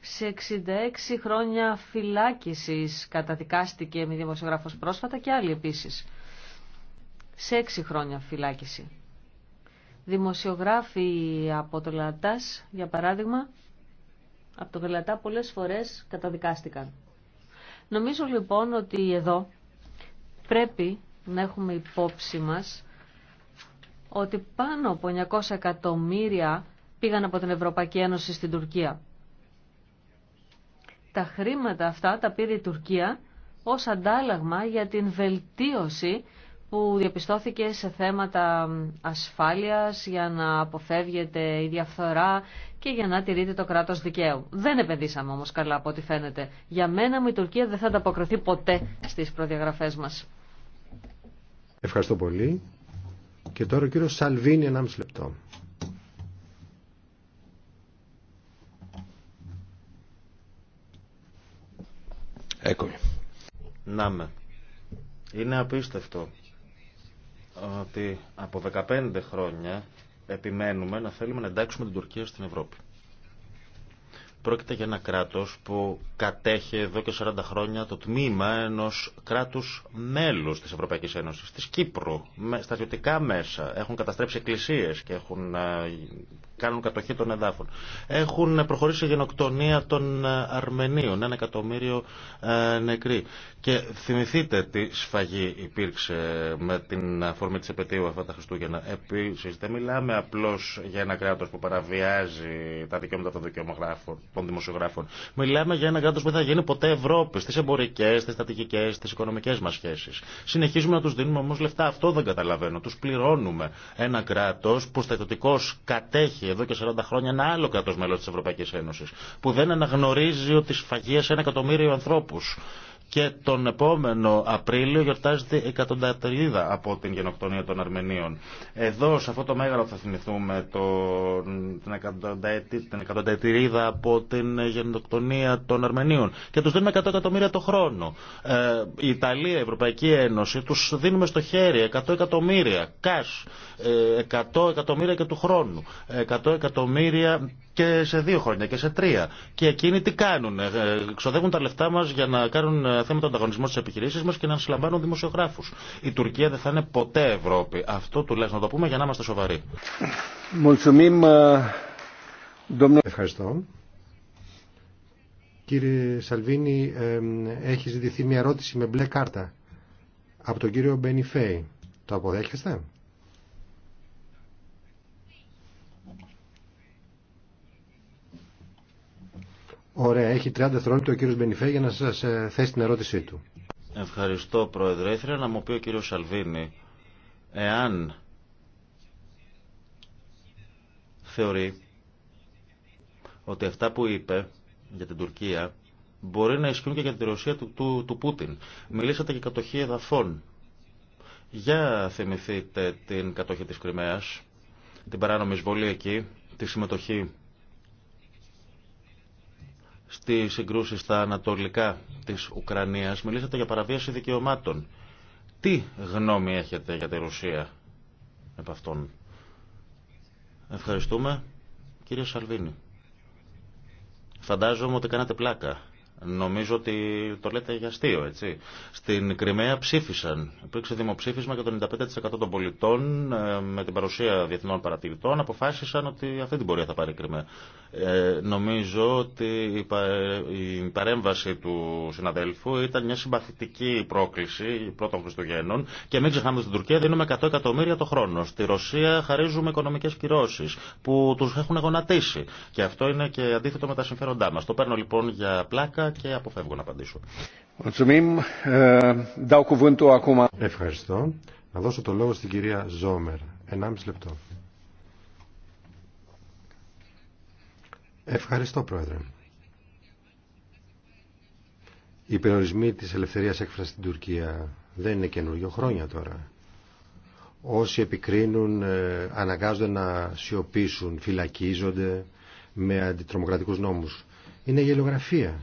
Speaker 4: σε 66 χρόνια φυλάκισης καταδικάστηκε με δημοσιογράφος πρόσφατα και άλλοι επίσης. Σε 6 χρόνια φυλάκιση. Δημοσιογράφοι από το Λατάς, για παράδειγμα, από το Γαλατά πολλές φορές καταδικάστηκαν. Νομίζω λοιπόν ότι εδώ πρέπει να έχουμε υπόψη μας ότι πάνω από 900 εκατομμύρια πήγαν από την Ευρωπαϊκή Ένωση στην Τουρκία. Τα χρήματα αυτά τα πήρε η Τουρκία ως αντάλλαγμα για την βελτίωση που διαπιστώθηκε σε θέματα ασφάλειας για να αποφεύγεται η διαφθορά και για να τηρείται το κράτος δικαίου. Δεν επενδύσαμε όμως καλά από ό,τι φαίνεται. Για μένα μου η Τουρκία δεν θα ανταποκριθεί ποτέ στις προδιαγραφές μας.
Speaker 3: Ευχαριστώ πολύ. Και τώρα ο κύριος Σαλβίνη 1,5
Speaker 1: λεπτό. Έκομαι. Να με. Είναι απίστευτο ότι από 15 χρόνια επιμένουμε να θέλουμε να εντάξουμε την Τουρκία στην Ευρώπη. Πρόκειται για ένα κράτος που κατέχει εδώ και 40 χρόνια το τμήμα ενός κράτους μέλους της Ευρωπαϊκής Ένωσης, της Κύπρου, με στατιωτικά μέσα. Έχουν καταστρέψει εκκλησίες και έχουν ε, κάνουν κατοχή των εδάφων. Έχουν προχωρήσει η γενοκτονία των ε, Αρμενίων, ένα εκατομμύριο ε, νεκροί. Και θυμηθείτε τι σφαγή υπήρξε με την αφορμή της επαιτίου αυτά τα Χριστούγεννα. Επίσης δεν μιλάμε απλώς για ένα κράτος που παραβιάζει τα δικαιώματα των δικαιωμογράφων, των δημοσιογράφων. Μιλάμε για ένα κράτος που δεν θα γίνει ποτέ Ευρώπη, στις εμπορικές, στις στατικικές, στις οικονομικές μας σχέσεις. Συνεχίζουμε να τους δίνουμε όμως λεφτά. Αυτό δεν καταλαβαίνω. Τους πληρώνουμε ένα κράτος που κατέχει εδώ και 40 χρόνια ένα άλλο κράτο μέλο τη Ευρωπαϊκή Ένωση που δεν αναγνωρίζει ότι σφαγίασε ένα εκατομμύριο ανθρώπου και τον επόμενο Απρίλιο γιορτάζεται η εκατονταετρίδα από την γενοκτονία των Αρμενίων. Εδώ, σε αυτό το μέγαρο θα θυμηθούμε το, την εκατονταετρίδα από την γενοκτονία των Αρμενίων και τους δίνουμε 100 εκατομμύρια το χρόνο. Ε, η Ιταλία, η Ευρωπαϊκή Ένωση, τους δίνουμε στο χέρι 100 εκατομμύρια, cash, 100 ε, εκατομμύρια και του χρόνου, 100 εκατομμύρια και σε δύο χρόνια και σε τρία. Και εκείνοι τι κάνουν, ε, ξοδεύουν τα λεφτά μας για να κάνουν θέματα ανταγωνισμού στι επιχειρήσει μα και να συλλαμβάνουν δημοσιογράφου. Η Τουρκία δεν θα είναι ποτέ Ευρώπη. Αυτό τουλάχιστον το πούμε για να είμαστε σοβαροί.
Speaker 3: Ε, Ευχαριστώ. Κύριε Σαλβίνη, ε, έχει ζητηθεί μια ερώτηση με μπλε κάρτα από τον κύριο Μπενιφέη. Το αποδέχεστε? Ωραία, έχει 30 δευτερόλεπτα ο κύριο Μπενιφέ για να σας ε, θέσει την ερώτησή του.
Speaker 1: Ευχαριστώ Πρόεδρε. Ήθελα να μου πει ο κύριο Σαλβίνη, εάν θεωρεί ότι αυτά που είπε για την Τουρκία μπορεί να ισχύουν και για την Ρωσία του, του, του Πούτιν. Μιλήσατε για κατοχή εδαφών. Για θυμηθείτε την κατοχή της Κρυμαίας, την παράνομη εισβολή εκεί, τη συμμετοχή στις συγκρούσεις στα ανατολικά της Ουκρανίας. Μιλήσατε για παραβίαση δικαιωμάτων. Τι γνώμη έχετε για τη Ρωσία επ' αυτών. Ευχαριστούμε. Κύριε Σαλβίνη. Φαντάζομαι ότι κάνατε πλάκα Νομίζω ότι το λέτε για αστείο, έτσι. Στην Κρυμαία ψήφισαν. Υπήρξε δημοψήφισμα και το 95% των πολιτών ε, με την παρουσία διεθνών παρατηρητών αποφάσισαν ότι αυτή την πορεία θα πάρει η Κρυμαία. Ε, νομίζω ότι η παρέμβαση του συναδέλφου ήταν μια συμπαθητική πρόκληση πρώτων Χριστουγέννων και μην ξεχνάμε ότι στην Τουρκία δίνουμε 100 εκατομμύρια το χρόνο. Στη Ρωσία χαρίζουμε οικονομικέ κυρώσει που του έχουν γονατίσει. Και αυτό είναι και αντίθετο με τα συμφέροντά μα. Το παίρνω λοιπόν για πλάκα και αποφεύγω να απαντήσω.
Speaker 3: Ε, Ευχαριστώ. Να δώσω το λόγο στην κυρία Ζόμερ. 1,5 λεπτό. Ευχαριστώ, Πρόεδρε. Οι περιορισμοί της ελευθερίας έκφρασης στην Τουρκία δεν είναι καινούριο χρόνια τώρα. Όσοι επικρίνουν ε, αναγκάζονται να σιωπήσουν, φυλακίζονται με αντιτρομοκρατικούς νόμους. Είναι γελιογραφία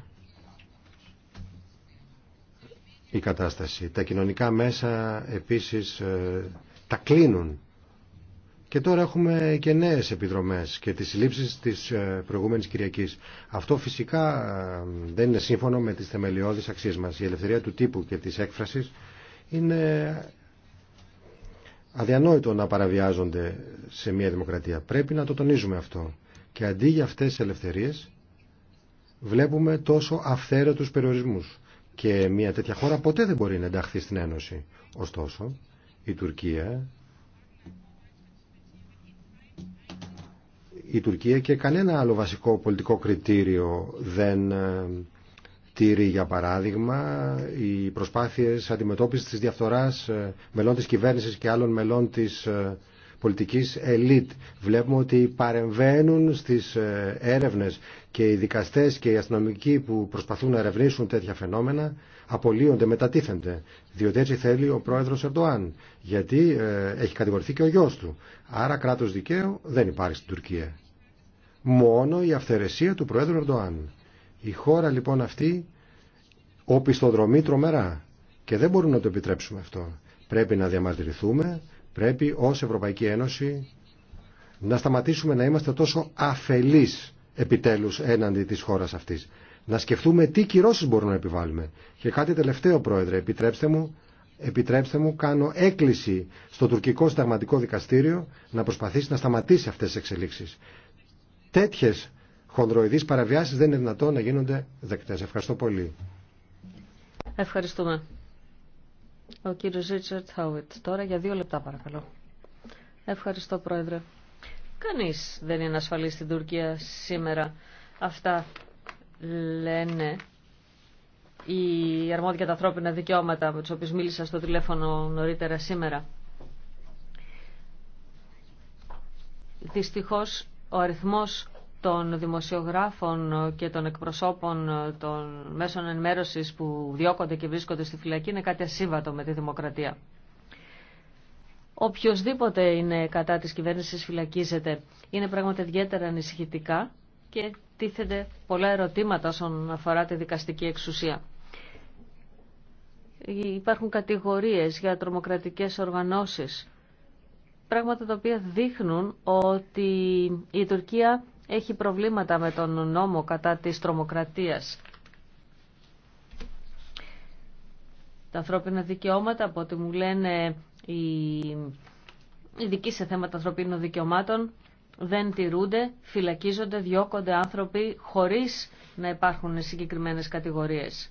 Speaker 3: η κατάσταση. Τα κοινωνικά μέσα επίσης ε, τα κλείνουν. Και τώρα έχουμε και νέες επιδρομές και τις συλλήψεις της ε, προηγούμενης Κυριακής. Αυτό φυσικά ε, δεν είναι σύμφωνο με τις θεμελιώδεις αξίες μας. Η ελευθερία του τύπου και της έκφρασης είναι αδιανόητο να παραβιάζονται σε μια δημοκρατία. Πρέπει να το τονίζουμε αυτό. Και αντί για αυτές τις ελευθερίες βλέπουμε τόσο αυθαίρετους περιορισμούς και μια τέτοια χώρα ποτέ δεν μπορεί να ενταχθεί στην Ένωση. Ωστόσο, η Τουρκία η Τουρκία και κανένα άλλο βασικό πολιτικό κριτήριο δεν ε, τήρει για παράδειγμα οι προσπάθειες αντιμετώπισης της διαφθοράς ε, μελών της κυβέρνησης και άλλων μελών της ε, πολιτικής ελίτ. Βλέπουμε ότι παρεμβαίνουν στις ε, έρευνες και οι δικαστές και οι αστυνομικοί που προσπαθούν να ερευνήσουν τέτοια φαινόμενα απολύονται, μετατίθενται. Διότι έτσι θέλει ο πρόεδρος Ερντοάν, γιατί ε, έχει κατηγορηθεί και ο γιος του. Άρα κράτος δικαίου δεν υπάρχει στην Τουρκία. Μόνο η αυθαιρεσία του πρόεδρου Ερντοάν. Η χώρα λοιπόν αυτή οπισθοδρομεί τρομερά και δεν μπορούμε να το επιτρέψουμε αυτό. Πρέπει να διαμαρτυρηθούμε, Πρέπει ως Ευρωπαϊκή Ένωση να σταματήσουμε να είμαστε τόσο αφελείς επιτέλους έναντι της χώρας αυτής. Να σκεφτούμε τι κυρώσεις μπορούμε να επιβάλλουμε. Και κάτι τελευταίο, Πρόεδρε, επιτρέψτε μου, επιτρέψτε μου κάνω έκκληση στο τουρκικό συνταγματικό δικαστήριο να προσπαθήσει να σταματήσει αυτές τις εξελίξεις. Τέτοιες χονδροειδείς παραβιάσεις δεν είναι δυνατόν να γίνονται δεκτές. Ευχαριστώ πολύ.
Speaker 4: Ευχαριστούμε. Ο κύριος Ρίτσαρτ Χάουιτ. Τώρα για δύο λεπτά παρακαλώ. Ευχαριστώ πρόεδρε. Κανείς δεν είναι ασφαλής στην Τουρκία σήμερα. Αυτά λένε οι αρμόδια τα ανθρώπινα δικαιώματα με τους οποίους μίλησα στο τηλέφωνο νωρίτερα σήμερα. Δυστυχώς ο αριθμός των δημοσιογράφων και των εκπροσώπων των μέσων ενημέρωσης που διώκονται και βρίσκονται στη φυλακή είναι κάτι ασύμβατο με τη δημοκρατία. Οποιοςδήποτε είναι κατά της κυβέρνησης φυλακίζεται. Είναι πράγματα ιδιαίτερα ανησυχητικά και τίθενται πολλά ερωτήματα όσον αφορά τη δικαστική εξουσία. Υπάρχουν κατηγορίες για τρομοκρατικές οργανώσεις. Πράγματα τα οποία δείχνουν ότι η Τουρκία έχει προβλήματα με τον νόμο κατά της τρομοκρατίας. Τα ανθρώπινα δικαιώματα, από ό,τι μου λένε οι ειδικοί σε θέματα ανθρωπίνων δικαιωμάτων, δεν τηρούνται, φυλακίζονται, διώκονται άνθρωποι χωρίς να υπάρχουν συγκεκριμένες κατηγορίες.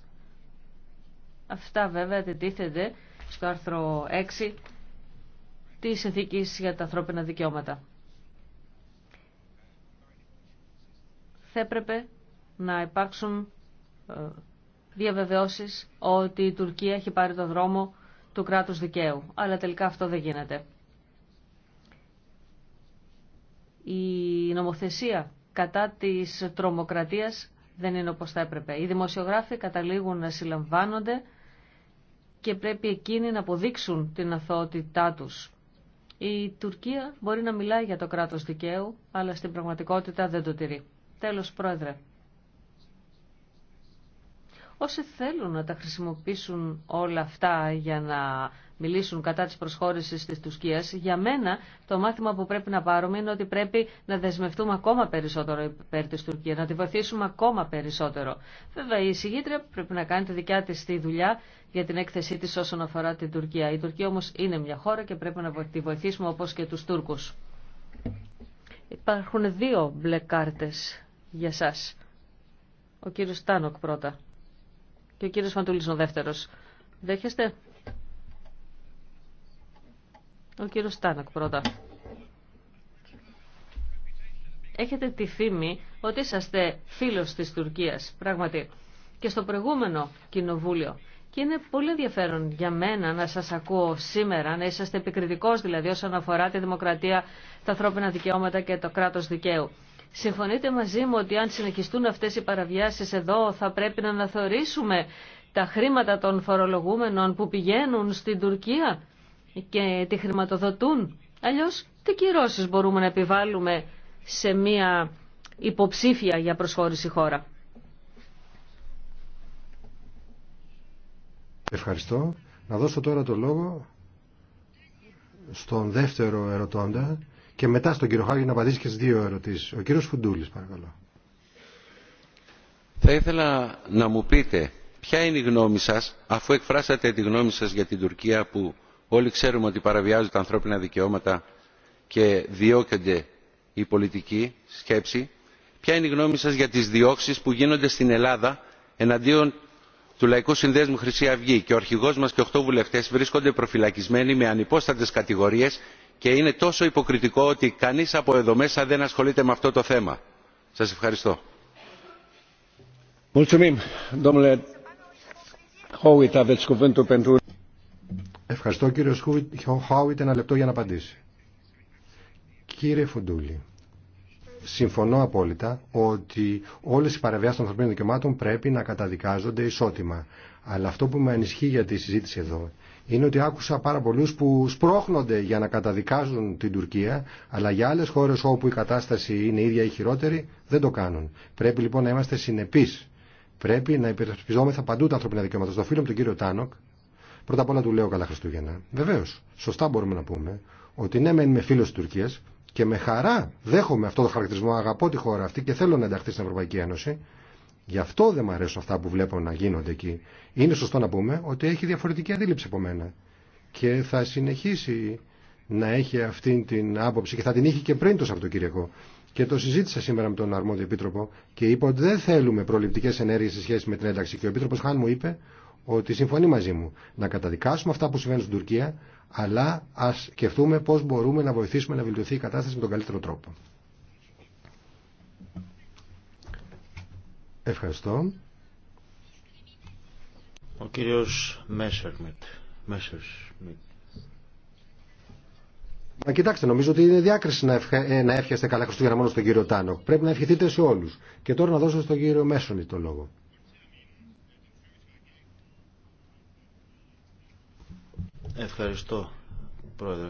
Speaker 4: Αυτά βέβαια τετίθενται στο άρθρο 6 της Συνθήκης για τα ανθρώπινα δικαιώματα. θα έπρεπε να υπάρξουν ε, διαβεβαιώσεις ότι η Τουρκία έχει πάρει το δρόμο του κράτους δικαίου. Αλλά τελικά αυτό δεν γίνεται. Η νομοθεσία κατά της τρομοκρατίας δεν είναι όπως θα έπρεπε. Οι δημοσιογράφοι καταλήγουν να συλλαμβάνονται και πρέπει εκείνοι να αποδείξουν την αθωότητά τους. Η Τουρκία μπορεί να μιλάει για το κράτος δικαίου, αλλά στην πραγματικότητα δεν το τηρεί. Τέλος, Πρόεδρε. Όσοι θέλουν να τα χρησιμοποιήσουν όλα αυτά για να μιλήσουν κατά της προσχώρησης της Τουσκίας, για μένα το μάθημα που πρέπει να πάρουμε είναι ότι πρέπει να δεσμευτούμε ακόμα περισσότερο υπέρ της Τουρκίας, να τη βοηθήσουμε ακόμα περισσότερο. Βέβαια η συγγήτρια πρέπει να κάνει τη δικιά της τη δουλειά για την έκθεσή της όσον αφορά την Τουρκία. Η Τουρκία όμως είναι μια χώρα και πρέπει να τη βοηθήσουμε όπως και τους Τούρκους. Υπάρχουν δύο μπλε κάρτες για σας. Ο κύριος Τάνοκ πρώτα και ο κύριος Φαντούλης ο δεύτερος. Δέχεστε. Ο κύριος Τάνοκ πρώτα. Έχετε τη φήμη ότι είσαστε φίλος της Τουρκίας, πράγματι, και στο προηγούμενο κοινοβούλιο. Και είναι πολύ ενδιαφέρον για μένα να σας ακούω σήμερα, να είσαστε επικριτικός δηλαδή όσον αφορά τη δημοκρατία, τα ανθρώπινα δικαιώματα και το κράτος δικαίου. Συμφωνείτε μαζί μου ότι αν συνεχιστούν αυτές οι παραβιάσεις εδώ θα πρέπει να αναθεωρήσουμε τα χρήματα των φορολογούμενων που πηγαίνουν στην Τουρκία και τη χρηματοδοτούν. Αλλιώς τι κυρώσεις μπορούμε να επιβάλλουμε σε μια υποψήφια για προσχώρηση χώρα.
Speaker 3: Ευχαριστώ. Να δώσω τώρα το λόγο στον δεύτερο ερωτώντα, και μετά στον κύριο Χάγη να απαντήσει και στις δύο ερωτήσεις. Ο κύριος Φουντούλης, παρακαλώ.
Speaker 7: Θα ήθελα να μου πείτε ποια είναι η γνώμη σας, αφού εκφράσατε τη γνώμη σας για την Τουρκία που όλοι ξέρουμε ότι παραβιάζουν τα ανθρώπινα δικαιώματα και διώκονται η πολιτική σκέψη, ποια είναι η γνώμη σας για τις διώξεις που γίνονται στην Ελλάδα εναντίον του Λαϊκού Συνδέσμου Χρυσή Αυγή και ο αρχηγός μας και οχτώ βουλευτές βρίσκονται προφυλακισμένοι με ανυπόστατες κατηγορίες και είναι τόσο υποκριτικό ότι κανείς από εδώ μέσα δεν ασχολείται με αυτό το θέμα. Σας ευχαριστώ.
Speaker 3: Ευχαριστώ κύριο Χάουιτ ένα λεπτό για να απαντήσει. Κύριε Φουντούλη, συμφωνώ απόλυτα ότι όλες οι παραβιάσεις των ανθρωπίνων δικαιωμάτων πρέπει να καταδικάζονται ισότιμα. Αλλά αυτό που με ανισχύει για τη συζήτηση εδώ είναι ότι άκουσα πάρα πολλούς που σπρώχνονται για να καταδικάζουν την Τουρκία, αλλά για άλλες χώρες όπου η κατάσταση είναι ίδια ή χειρότερη δεν το κάνουν. Πρέπει λοιπόν να είμαστε συνεπείς. Πρέπει να υπερασπιζόμεθα παντού τα ανθρώπινα δικαιώματα. Στο φίλο μου τον κύριο Τάνοκ, πρώτα απ' όλα του λέω καλά Χριστούγεννα. Βεβαίω, σωστά μπορούμε να πούμε ότι ναι, μεν είμαι φίλο τη Τουρκία και με χαρά δέχομαι αυτό το χαρακτηρισμό. Αγαπώ τη χώρα αυτή και θέλω να ενταχθεί στην Ευρωπαϊκή Ένωση. Γι' αυτό δεν μου αρέσουν αυτά που βλέπω να γίνονται εκεί. Είναι σωστό να πούμε ότι έχει διαφορετική αντίληψη από μένα. Και θα συνεχίσει να έχει αυτή την άποψη και θα την είχε και πριν το Σαββατοκύριακο. Και το συζήτησα σήμερα με τον αρμόδιο επίτροπο και είπα ότι δεν θέλουμε προληπτικέ ενέργειε σε σχέση με την ένταξη. Και ο επίτροπο Χάν μου είπε ότι συμφωνεί μαζί μου να καταδικάσουμε αυτά που συμβαίνουν στην Τουρκία, αλλά α σκεφτούμε πώ μπορούμε να βοηθήσουμε να βελτιωθεί η κατάσταση με τον καλύτερο τρόπο. Ευχαριστώ.
Speaker 1: Ο κύριος Μέσερμιτ. Μέσερμιτ.
Speaker 3: Μα κοιτάξτε, νομίζω ότι είναι διάκριση να, ευχα... Ε, να εύχεστε καλά Χριστούγεννα μόνο στον κύριο Τάνο. Πρέπει να ευχηθείτε σε όλους. Και τώρα να δώσω στον κύριο Μέσονη το λόγο.
Speaker 1: Ευχαριστώ, πρόεδρε.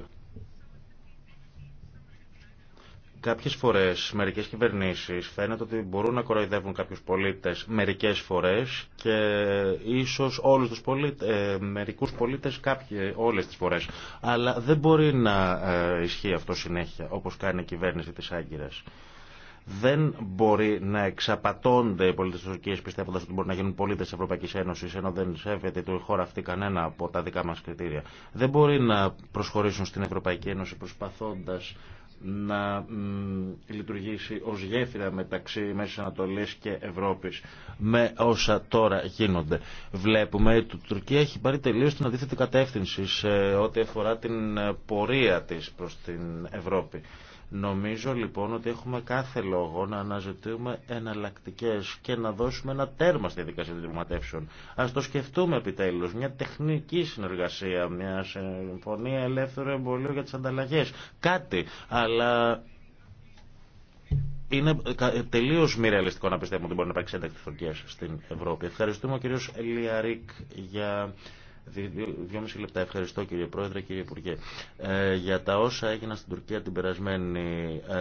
Speaker 1: Κάποιε φορέ μερικέ κυβερνήσει φαίνεται ότι μπορούν να κοροϊδεύουν κάποιου πολίτε μερικέ φορέ και ίσω όλου του πολίτε, μερικού πολίτε όλε τι φορέ. Αλλά δεν μπορεί να ε, ισχύει αυτό συνέχεια όπω κάνει η κυβέρνηση τη Άγκυρα. Δεν μπορεί να εξαπατώνται οι πολίτε τη Τουρκία πιστεύοντα ότι μπορούν να γίνουν πολίτε τη Ευρωπαϊκή Ένωση ενώ δεν σέβεται η χώρα αυτή κανένα από τα δικά μα κριτήρια. Δεν μπορεί να προσχωρήσουν στην Ευρωπαϊκή Ένωση προσπαθώντα να λειτουργήσει ως γέφυρα μεταξύ Μέσης Ανατολής και Ευρώπης με όσα τώρα γίνονται. Βλέπουμε ότι η Τουρκία έχει πάρει τελείως την αντίθετη κατεύθυνση σε ό,τι αφορά την πορεία της προς την Ευρώπη. Νομίζω λοιπόν ότι έχουμε κάθε λόγο να αναζητούμε εναλλακτικέ και να δώσουμε ένα τέρμα στη δικασία των διαπραγματεύσεων. Α το σκεφτούμε επιτέλου. Μια τεχνική συνεργασία, μια συμφωνία ελεύθερου εμπολίου για τι ανταλλαγέ. Κάτι. Αλλά είναι τελείω μη ρεαλιστικό να πιστεύουμε ότι μπορεί να υπάρξει ένταξη στην Ευρώπη. Ευχαριστούμε ο κ. Λιαρίκ για Δυόμιση λεπτά. Ευχαριστώ κύριε Πρόεδρε, κύριε Υπουργέ. Ε, για τα όσα έγιναν στην Τουρκία την περασμένη ε,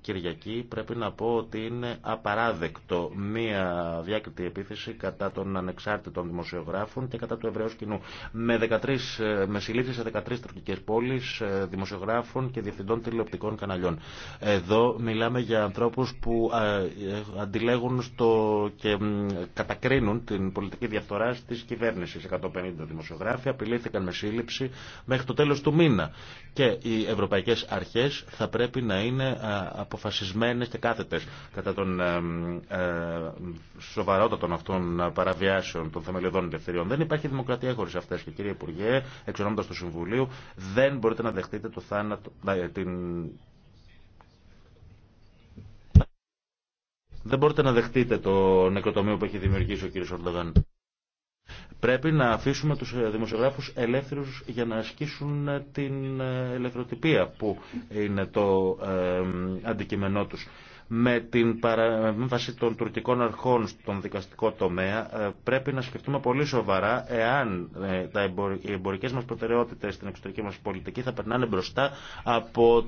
Speaker 1: Κυριακή πρέπει να πω ότι είναι απαράδεκτο μία διάκριτη επίθεση κατά των ανεξάρτητων δημοσιογράφων και κατά του Εβραίου κοινού. Με, 13, ε, με σε 13 τουρκικέ πόλει ε, δημοσιογράφων και διευθυντών τηλεοπτικών καναλιών. Εδώ μιλάμε για ανθρώπου που ε, αντιλέγουν στο και κατακρίνουν την πολιτική διαφθορά τη κυβέρνηση 150 οι δημοσιογράφοι απειλήθηκαν με σύλληψη μέχρι το τέλος του μήνα. Και οι ευρωπαϊκές αρχές θα πρέπει να είναι αποφασισμένες και κάθετες κατά των ε, ε, σοβαρότατων αυτών παραβιάσεων των θεμελιωδών ελευθεριών. Δεν υπάρχει δημοκρατία χωρίς αυτές και κύριε Υπουργέ, εξονόματος του Συμβουλίου, δεν μπορείτε να δεχτείτε το θάνατο, την, δεν μπορείτε να δεχτείτε το νεκροτομείο που έχει δημιουργήσει ο κύριος Ορντογάν. Πρέπει να αφήσουμε τους ε, δημοσιογράφους ελεύθερους για να ασκήσουν ε, την ε, ελευθεροτυπία που είναι το αντικείμενό τους με την παρέμβαση των τουρκικών αρχών στον δικαστικό τομέα ε, πρέπει να σκεφτούμε πολύ σοβαρά εάν ε, οι εμπορικέ μα προτεραιότητες στην εξωτερική μα πολιτική θα περνάνε μπροστά από,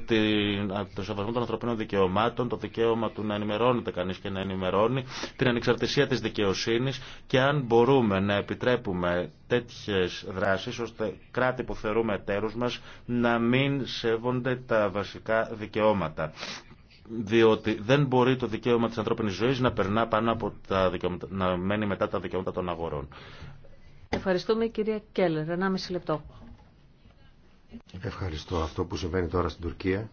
Speaker 1: το σεβασμό των ανθρωπίνων δικαιωμάτων, το δικαίωμα του να ενημερώνεται κανεί και να ενημερώνει, την ανεξαρτησία τη δικαιοσύνη. και αν μπορούμε να επιτρέπουμε τέτοιε δράσει, ώστε κράτη που θεωρούμε εταίρου μα, να μην σέβονται τα βασικά δικαιώματα διότι δεν μπορεί το δικαίωμα της ανθρώπινης ζωής να περνά πάνω από τα να μένει μετά τα δικαιώματα των αγορών.
Speaker 4: Ευχαριστούμε κυρία Κέλλερ. μισή λεπτό.
Speaker 3: Ευχαριστώ. Αυτό που συμβαίνει τώρα στην Τουρκία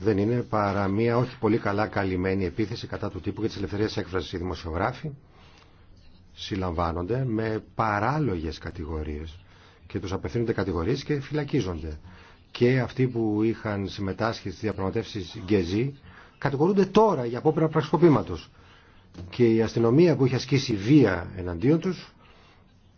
Speaker 3: δεν είναι παρά μία όχι πολύ καλά καλυμμένη επίθεση κατά του τύπου για τις ελευθερίες έκφρασης. Οι δημοσιογράφοι συλλαμβάνονται με παράλογες κατηγορίες και τους απευθύνονται κατηγορίες και φυλακίζονται και αυτοί που είχαν συμμετάσχει στις διαπραγματεύσεις Γκεζή κατηγορούνται τώρα για απόπειρα πραξικοπήματος. Και η αστυνομία που είχε ασκήσει βία εναντίον τους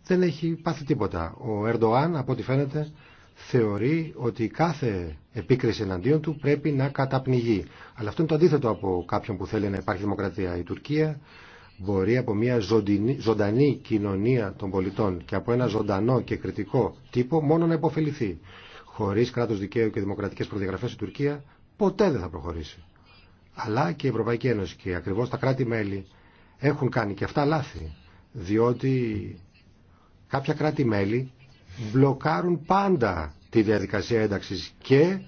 Speaker 3: δεν έχει πάθει τίποτα. Ο Ερντοάν, από ό,τι φαίνεται, θεωρεί ότι κάθε επίκριση εναντίον του πρέπει να καταπνιγεί. Αλλά αυτό είναι το αντίθετο από κάποιον που θέλει να υπάρχει δημοκρατία. Η Τουρκία μπορεί από μια ζωντανή κοινωνία των πολιτών και από ένα ζωντανό και κριτικό τύπο μόνο να υποφεληθεί. Χωρίς κράτος δικαίου και δημοκρατικές προδιαγραφές η Τουρκία ποτέ δεν θα προχωρήσει. Αλλά και η Ευρωπαϊκή Ένωση και ακριβώς τα κράτη-μέλη έχουν κάνει και αυτά λάθη. Διότι κάποια κράτη-μέλη μπλοκάρουν πάντα τη διαδικασία ένταξης και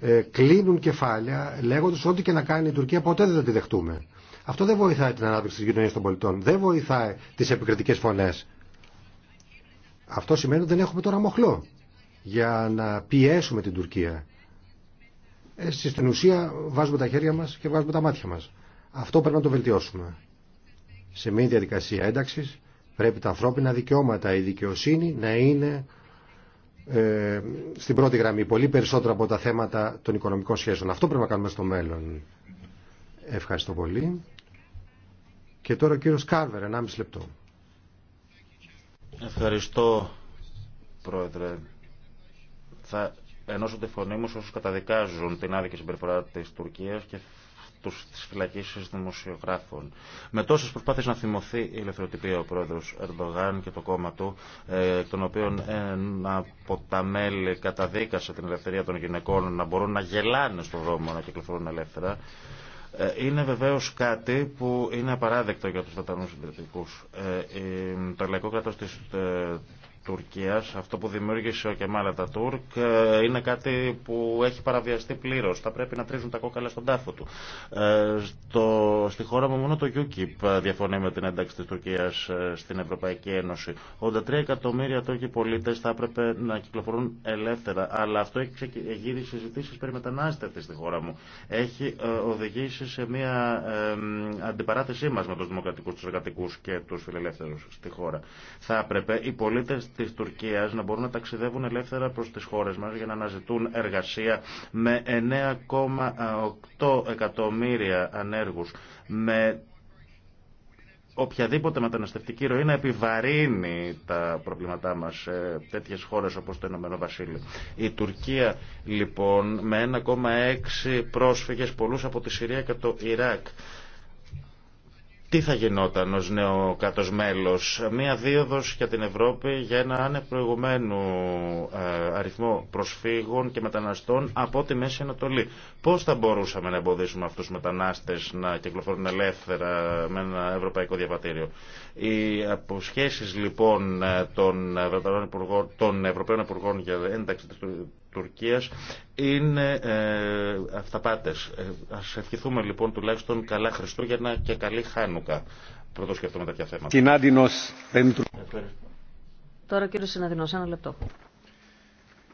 Speaker 3: ε, κλείνουν κεφάλια λέγοντας ότι και να κάνει η Τουρκία ποτέ δεν θα τη δεχτούμε. Αυτό δεν βοηθάει την ανάπτυξη της κοινωνίας των πολιτών, δεν βοηθάει τις επικριτικές φωνές. Αυτό σημαίνει ότι δεν έχουμε τώρα μοχλό για να πιέσουμε την Τουρκία. Ε, στην ουσία βάζουμε τα χέρια μας και βάζουμε τα μάτια μας. Αυτό πρέπει να το βελτιώσουμε. Σε μια διαδικασία ένταξης πρέπει τα ανθρώπινα δικαιώματα, η δικαιοσύνη να είναι ε, στην πρώτη γραμμή πολύ περισσότερο από τα θέματα των οικονομικών σχέσεων. Αυτό πρέπει να κάνουμε στο μέλλον. Ευχαριστώ πολύ. Και τώρα ο κύριος Κάρβερ, 1,5 λεπτό.
Speaker 1: Ευχαριστώ, Πρόεδρε. Θα ενώσω τη φωνή μου όσου καταδικάζουν την άδικη συμπεριφορά τη Τουρκία και τους, τις δημοσιογράφων. Με τόσε προσπάθειες να θυμωθεί η ελευθεροτυπία ο πρόεδρο Ερντογάν και το κόμμα του, ε, των οποίων ένα από τα μέλη καταδίκασε την ελευθερία των γυναικών να μπορούν να γελάνε στον δρόμο, να κυκλοφορούν ελεύθερα, ε, είναι βεβαίω κάτι που είναι απαράδεκτο για του Βρετανού συντηρητικού. Ε, το ελληνικό κράτο Τουρκίας, αυτό που δημιούργησε ο Κεμάλα τα Τούρκ, ε, είναι κάτι που έχει παραβιαστεί πλήρως. Θα πρέπει να τρίζουν τα κόκαλα στον τάφο του. Ε, στο, στη χώρα μου μόνο το UKIP ε, διαφωνεί με την ένταξη της Τουρκίας ε, στην Ευρωπαϊκή Ένωση. 83 εκατομμύρια Τούρκοι πολίτες θα έπρεπε να κυκλοφορούν ελεύθερα, αλλά αυτό έχει γύρει συζητήσεις περί μετανάστευτης στη χώρα μου. Έχει οδηγήσει σε μια ε, αντιπαράθεσή μας με τους δημοκρατικούς, του εργατικού και τους φιλελεύθερους στη χώρα. Θα έπρεπε οι πολίτες τη Τουρκία να μπορούν να ταξιδεύουν ελεύθερα προς τις χώρες μας για να αναζητούν εργασία με 9,8 εκατομμύρια ανέργους, με οποιαδήποτε μεταναστευτική ροή να επιβαρύνει τα προβλήματά μας σε τέτοιες χώρες όπως το Ηνωμένο Βασίλειο. Η Τουρκία λοιπόν με 1,6 πρόσφυγες πολλούς από τη Συρία και το Ιράκ τι θα γινόταν ως νέο κάτω μέλος. Μία δίωδος για την Ευρώπη για ένα ε, αριθμό προσφύγων και μεταναστών από τη Μέση Ανατολή. Πώς θα μπορούσαμε να εμποδίσουμε αυτούς τους μετανάστες να κυκλοφορούν ελεύθερα με ένα ευρωπαϊκό διαβατήριο. Οι αποσχέσεις λοιπόν ε, των, των Ευρωπαίων Υπουργών για ένταξη Τουρκίας είναι ε, αυταπάτες. Ε, ας ευχηθούμε λοιπόν τουλάχιστον καλά Χριστούγεννα και καλή Χάνουκα. Πρώτο σκεφτούμε τέτοια θέματα.
Speaker 2: Συνάντηνος.
Speaker 4: Τώρα κύριο Συνάδινος, ένα λεπτό.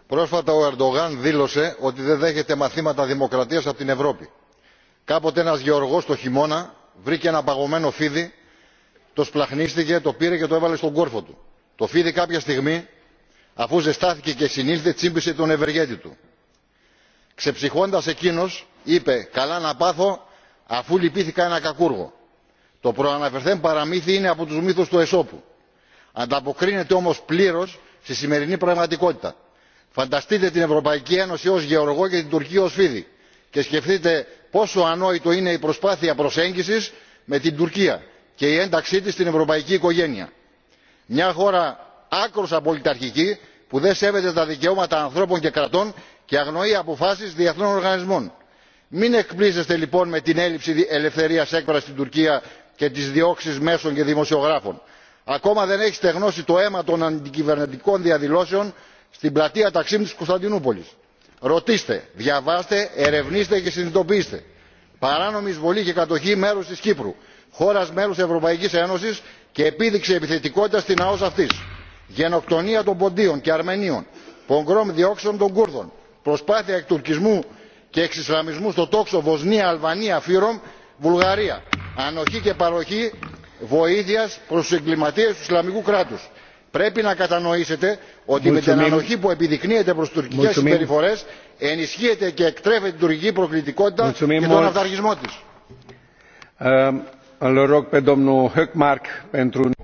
Speaker 6: Πρόσφατα ο Ερντογάν δήλωσε ότι δεν δέχεται μαθήματα δημοκρατίας από την Ευρώπη. Κάποτε ένας γεωργός το χειμώνα βρήκε ένα παγωμένο φίδι, το σπλαχνίστηκε, το πήρε και το έβαλε στον κόρφο του. Το φίδι κάποια στιγμή αφού ζεστάθηκε και συνήλθε τσίμπησε τον ευεργέτη του. ξεψυχώντας εκείνος είπε «καλά να πάθω αφού λυπήθηκα ένα κακούργο». το προαναφερθέν παραμύθι είναι από τους μύθους του εσώπου. ανταποκρίνεται όμως πλήρως στη σημερινή πραγματικότητα. φανταστείτε την ευρωπαϊκή ένωση ως γεωργό και την τουρκία ως φίδι και σκεφτείτε πόσο ανόητο είναι η προσπάθεια προσέγγισης με την τουρκία και η ένταξή της στην ευρωπαϊκή οικογένεια. μια χώρα άκρως απολυταρχική που δεν σέβεται τα δικαιώματα ανθρώπων και κρατών και αγνοεί αποφάσεις διεθνών οργανισμών. μην εκπλήσεστε λοιπόν με την έλλειψη ελευθερίας έκφρασης στην τουρκία και τις διώξεις μέσων και δημοσιογράφων. ακόμα δεν έχει στεγνώσει το αίμα των αντικυβερνητικών διαδηλώσεων στην πλατεία ταξίμ της κωνσταντινούπολης. ρωτήστε διαβάστε ερευνήστε και συνειδητοποιήστε. παράνομη εισβολή και κατοχή μέρους της κύπρου χώρας μέλους ευρωπαϊκής ένωσης και επίδειξη επιθετικότητας στην αός αυτής γενοκτονία των ποντίων και αρμενίων πογκρόμ διώξεων των κούρδων προσπάθεια εκτουρκισμού και εξισλαμισμού στο τόξο βοσνία αλβανία φύρομ βουλγαρία ανοχή και παροχή βοήθειας προς τους εγκληματίες του ισλαμικού κράτους. πρέπει να κατανοήσετε ότι με την ανοχή που επιδεικνύεται προς τις τουρκικές συμπεριφορές ενισχύεται και εκτρέφεται την τουρκική προκλητικότητα και τον αυταρχισμό της. Ε,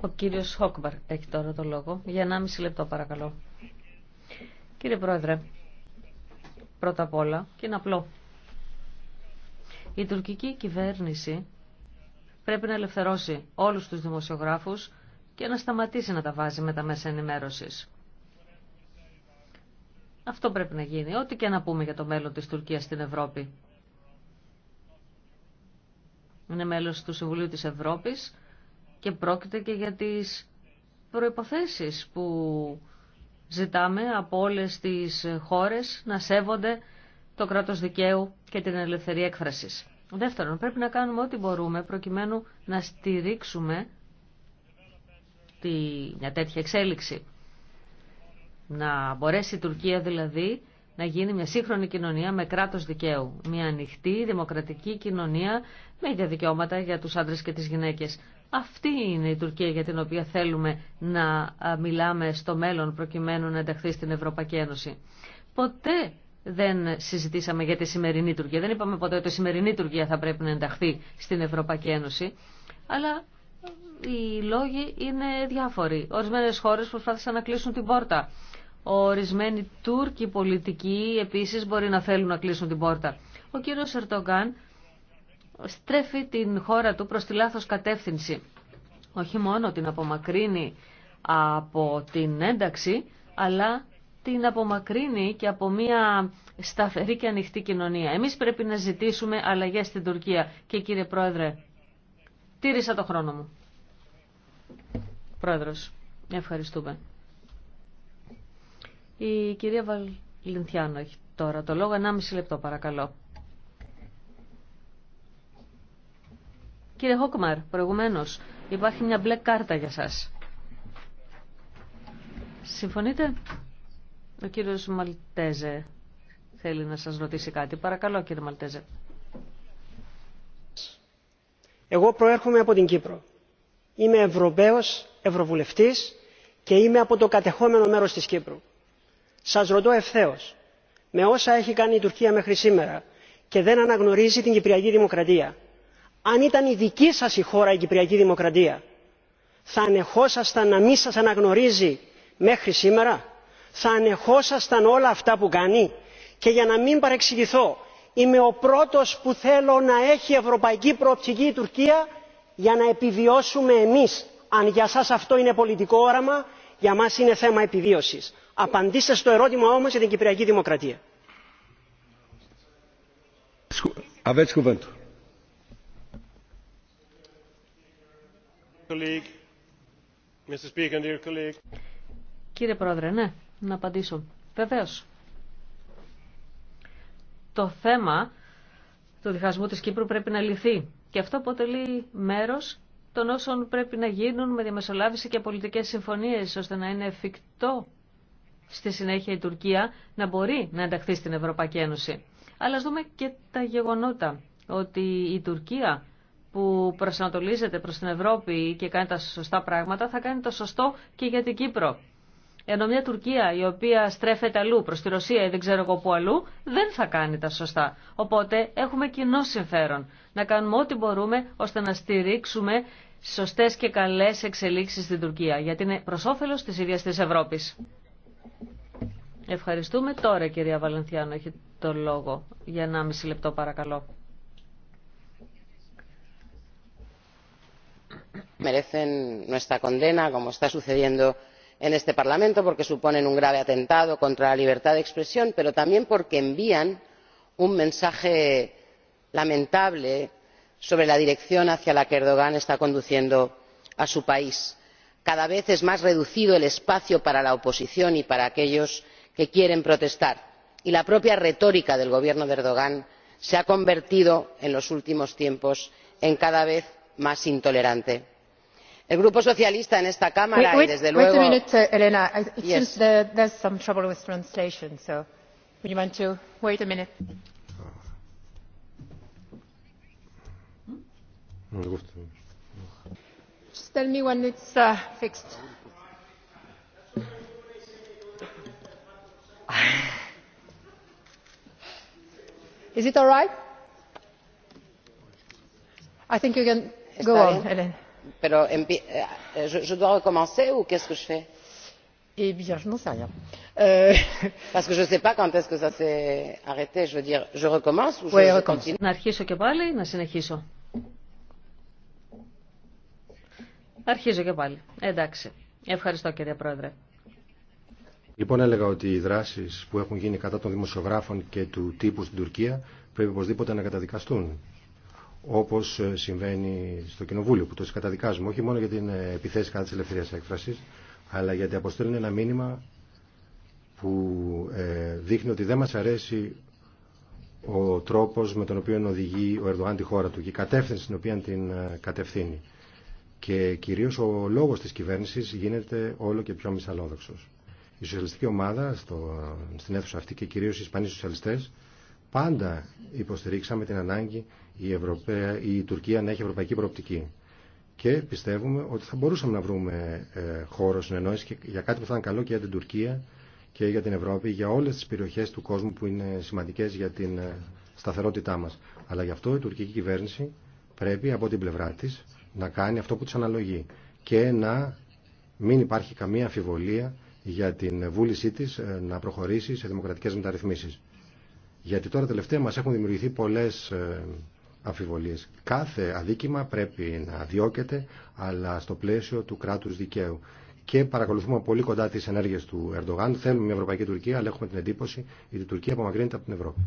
Speaker 4: ο κύριος Χόκμαρκ έχει τώρα το λόγο. Για 1,5 λεπτό παρακαλώ. Κύριε Πρόεδρε, πρώτα απ' όλα και είναι απλό. Η τουρκική κυβέρνηση πρέπει να ελευθερώσει όλους τους δημοσιογράφους και να σταματήσει να τα βάζει με τα μέσα ενημέρωσης. Αυτό πρέπει να γίνει, ό,τι και να πούμε για το μέλλον της Τουρκίας στην Ευρώπη είναι μέλος του Συμβουλίου της Ευρώπης και πρόκειται και για τις προϋποθέσεις που ζητάμε από όλες τις χώρες να σέβονται το κράτος δικαίου και την ελευθερία έκφρασης. Δεύτερον, πρέπει να κάνουμε ό,τι μπορούμε προκειμένου να στηρίξουμε τη, μια τέτοια εξέλιξη. Να μπορέσει η Τουρκία δηλαδή να γίνει μια σύγχρονη κοινωνία με κράτος δικαίου. Μια ανοιχτή, δημοκρατική κοινωνία με ίδια δικαιώματα για τους άντρες και τις γυναίκες. Αυτή είναι η Τουρκία για την οποία θέλουμε να μιλάμε στο μέλλον προκειμένου να ενταχθεί στην Ευρωπαϊκή Ένωση. Ποτέ δεν συζητήσαμε για τη σημερινή Τουρκία. Δεν είπαμε ποτέ ότι η σημερινή Τουρκία θα πρέπει να ενταχθεί στην Ευρωπαϊκή Ένωση. Αλλά οι λόγοι είναι διάφοροι. Ορισμένε χώρε προσπάθησαν να κλείσουν την πόρτα. Ορισμένοι Τούρκοι πολιτικοί επίσης μπορεί να θέλουν να κλείσουν την πόρτα. Ο κύριος Ερτογκάν στρέφει την χώρα του προς τη λάθος κατεύθυνση. Όχι μόνο την απομακρύνει από την ένταξη, αλλά την απομακρύνει και από μια σταθερή και ανοιχτή κοινωνία. Εμείς πρέπει να ζητήσουμε αλλαγές στην Τουρκία. Και κύριε Πρόεδρε, τήρησα το χρόνο μου. Πρόεδρος, ευχαριστούμε. Η κυρία Βαλινθιάνο έχει τώρα το λόγο. 1,5 λεπτό παρακαλώ. Κύριε Χόκμαρ, προηγουμένως υπάρχει μια μπλε κάρτα για σας. Συμφωνείτε? Ο κύριος Μαλτέζε θέλει να σας ρωτήσει κάτι. Παρακαλώ κύριε Μαλτέζε. Εγώ προέρχομαι από την
Speaker 8: Κύπρο. Είμαι Ευρωπαίος Ευρωβουλευτής και είμαι από το κατεχόμενο μέρος της Κύπρου σας ρωτώ ευθέως με όσα έχει κάνει η τουρκία μέχρι σήμερα και δεν αναγνωρίζει την κυπριακή δημοκρατία αν ήταν η δική σας η χώρα η κυπριακή δημοκρατία θα ανεχόσασταν να μην σας αναγνωρίζει μέχρι σήμερα θα ανεχόσασταν όλα αυτά που κάνει και για να μην παρεξηγηθώ είμαι ο πρώτος που θέλω να έχει ευρωπαϊκή προοπτική η τουρκία για να επιβιώσουμε εμείς. αν για σας αυτό είναι πολιτικό όραμα για μας είναι θέμα επιβίωσης. Απαντήστε στο ερώτημα όμως για την Κυπριακή Δημοκρατία.
Speaker 4: Κύριε Πρόεδρε, ναι, να απαντήσω. Βεβαίω, Το θέμα του διχασμού της Κύπρου πρέπει να λυθεί. Και αυτό αποτελεί μέρος των όσων πρέπει να γίνουν με διαμεσολάβηση και πολιτικές συμφωνίες, ώστε να είναι εφικτό στη συνέχεια η Τουρκία να μπορεί να ενταχθεί στην Ευρωπαϊκή Ένωση. Αλλά ας δούμε και τα γεγονότα ότι η Τουρκία που προσανατολίζεται προς την Ευρώπη και κάνει τα σωστά πράγματα θα κάνει το σωστό και για την Κύπρο. Ενώ μια Τουρκία η οποία στρέφεται αλλού προς τη Ρωσία ή δεν ξέρω εγώ που αλλού δεν θα κάνει τα σωστά. Οπότε έχουμε κοινό συμφέρον να κάνουμε ό,τι μπορούμε ώστε να στηρίξουμε σωστές και καλές εξελίξεις στην Τουρκία γιατί είναι προς όφελος της ίδιας της Ευρώπης. Ευχαριστούμε τώρα κυρία Βαλενθιάνο, έχει το λόγο. Για ένα μισή λεπτό
Speaker 9: Merecen nuestra condena, como está sucediendo en este Parlamento, porque suponen un grave atentado contra la libertad de expresión, pero también porque envían un mensaje lamentable sobre la dirección hacia la que Erdogan está conduciendo a su país cada vez es más reducido el espacio para la oposición y para aquellos que quieren protestar y la propia retórica del gobierno de erdogan se ha convertido en los últimos tiempos en cada vez más intolerante. el grupo socialista en esta cámara y desde luego Tell me when it's fixed. Is it all right? I think you can go on, Hélène. Pero je dois recommencer ou qu'est-ce que je fais Eh bien, je n'en sais rien. Parce que je ne sais pas quand est-ce que ça s'est arrêté. Je veux dire, je recommence ou je
Speaker 4: continue Να αρχίσω και πάλι, να συνεχίσω. Αρχίζω και πάλι. Εντάξει. Ευχαριστώ κύριε Πρόεδρε.
Speaker 3: Λοιπόν, έλεγα ότι οι δράσεις που έχουν γίνει κατά των δημοσιογράφων και του τύπου στην Τουρκία πρέπει οπωσδήποτε να καταδικαστούν. Όπω ε, συμβαίνει στο Κοινοβούλιο, που το καταδικάζουμε όχι μόνο για την ε, επιθέση κατά τη ελευθερία έκφραση, αλλά γιατί αποστελούν ένα μήνυμα που ε, δείχνει ότι δεν μα αρέσει ο τρόπο με τον οποίο οδηγεί ο Ερδογάν τη χώρα του και η κατεύθυνση στην οποία την κατευθύνει και κυρίως ο λόγος της κυβέρνησης γίνεται όλο και πιο μυσαλόδοξος. Η σοσιαλιστική ομάδα στο, στην αίθουσα αυτή και κυρίως οι Ισπανοί σοσιαλιστές πάντα υποστηρίξαμε την ανάγκη η, Ευρωπαία, η Τουρκία να έχει ευρωπαϊκή προοπτική. Και πιστεύουμε ότι θα μπορούσαμε να βρούμε ε, χώρο συνεννόηση για κάτι που θα ήταν καλό και για την Τουρκία και για την Ευρώπη, για όλε τι περιοχέ του κόσμου που είναι σημαντικέ για την ε, σταθερότητά μα. Αλλά γι' αυτό η τουρκική κυβέρνηση πρέπει από την πλευρά τη να κάνει αυτό που τους αναλογεί και να μην υπάρχει καμία αμφιβολία για την βούλησή της ε, να προχωρήσει σε δημοκρατικές μεταρρυθμίσεις. Γιατί τώρα τελευταία μας έχουν δημιουργηθεί πολλές ε, αμφιβολίες. Κάθε αδίκημα πρέπει να διώκεται, αλλά στο πλαίσιο του κράτους δικαίου. Και παρακολουθούμε πολύ κοντά τις ενέργειες του Ερντογάν. Θέλουμε μια Ευρωπαϊκή Τουρκία, αλλά έχουμε την εντύπωση ότι η Τουρκία απομακρύνεται από την Ευρώπη.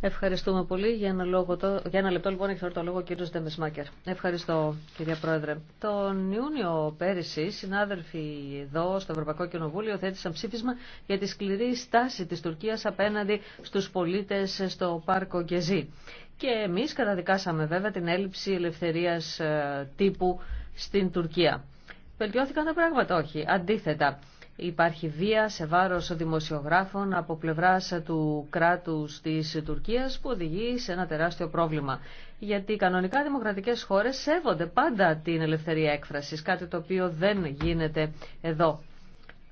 Speaker 4: Ευχαριστούμε πολύ. Για ένα, λόγο, για λεπτό λοιπόν έχει το λόγο ο κύριος Δεμεσμάκερ. Ευχαριστώ κυρία Πρόεδρε. Τον Ιούνιο πέρυσι συνάδελφοι εδώ στο Ευρωπαϊκό Κοινοβούλιο θέτησαν ψήφισμα για τη σκληρή στάση της Τουρκίας απέναντι στους πολίτες στο πάρκο Γκεζή. Και εμείς καταδικάσαμε βέβαια την έλλειψη ελευθερίας ε, τύπου στην Τουρκία. Βελτιώθηκαν τα πράγματα, όχι. Αντίθετα, υπάρχει βία σε βάρος δημοσιογράφων από πλευράς του κράτους της Τουρκίας που οδηγεί σε ένα τεράστιο πρόβλημα. Γιατί οι κανονικά δημοκρατικές χώρες σέβονται πάντα την ελευθερία έκφρασης, κάτι το οποίο δεν γίνεται εδώ.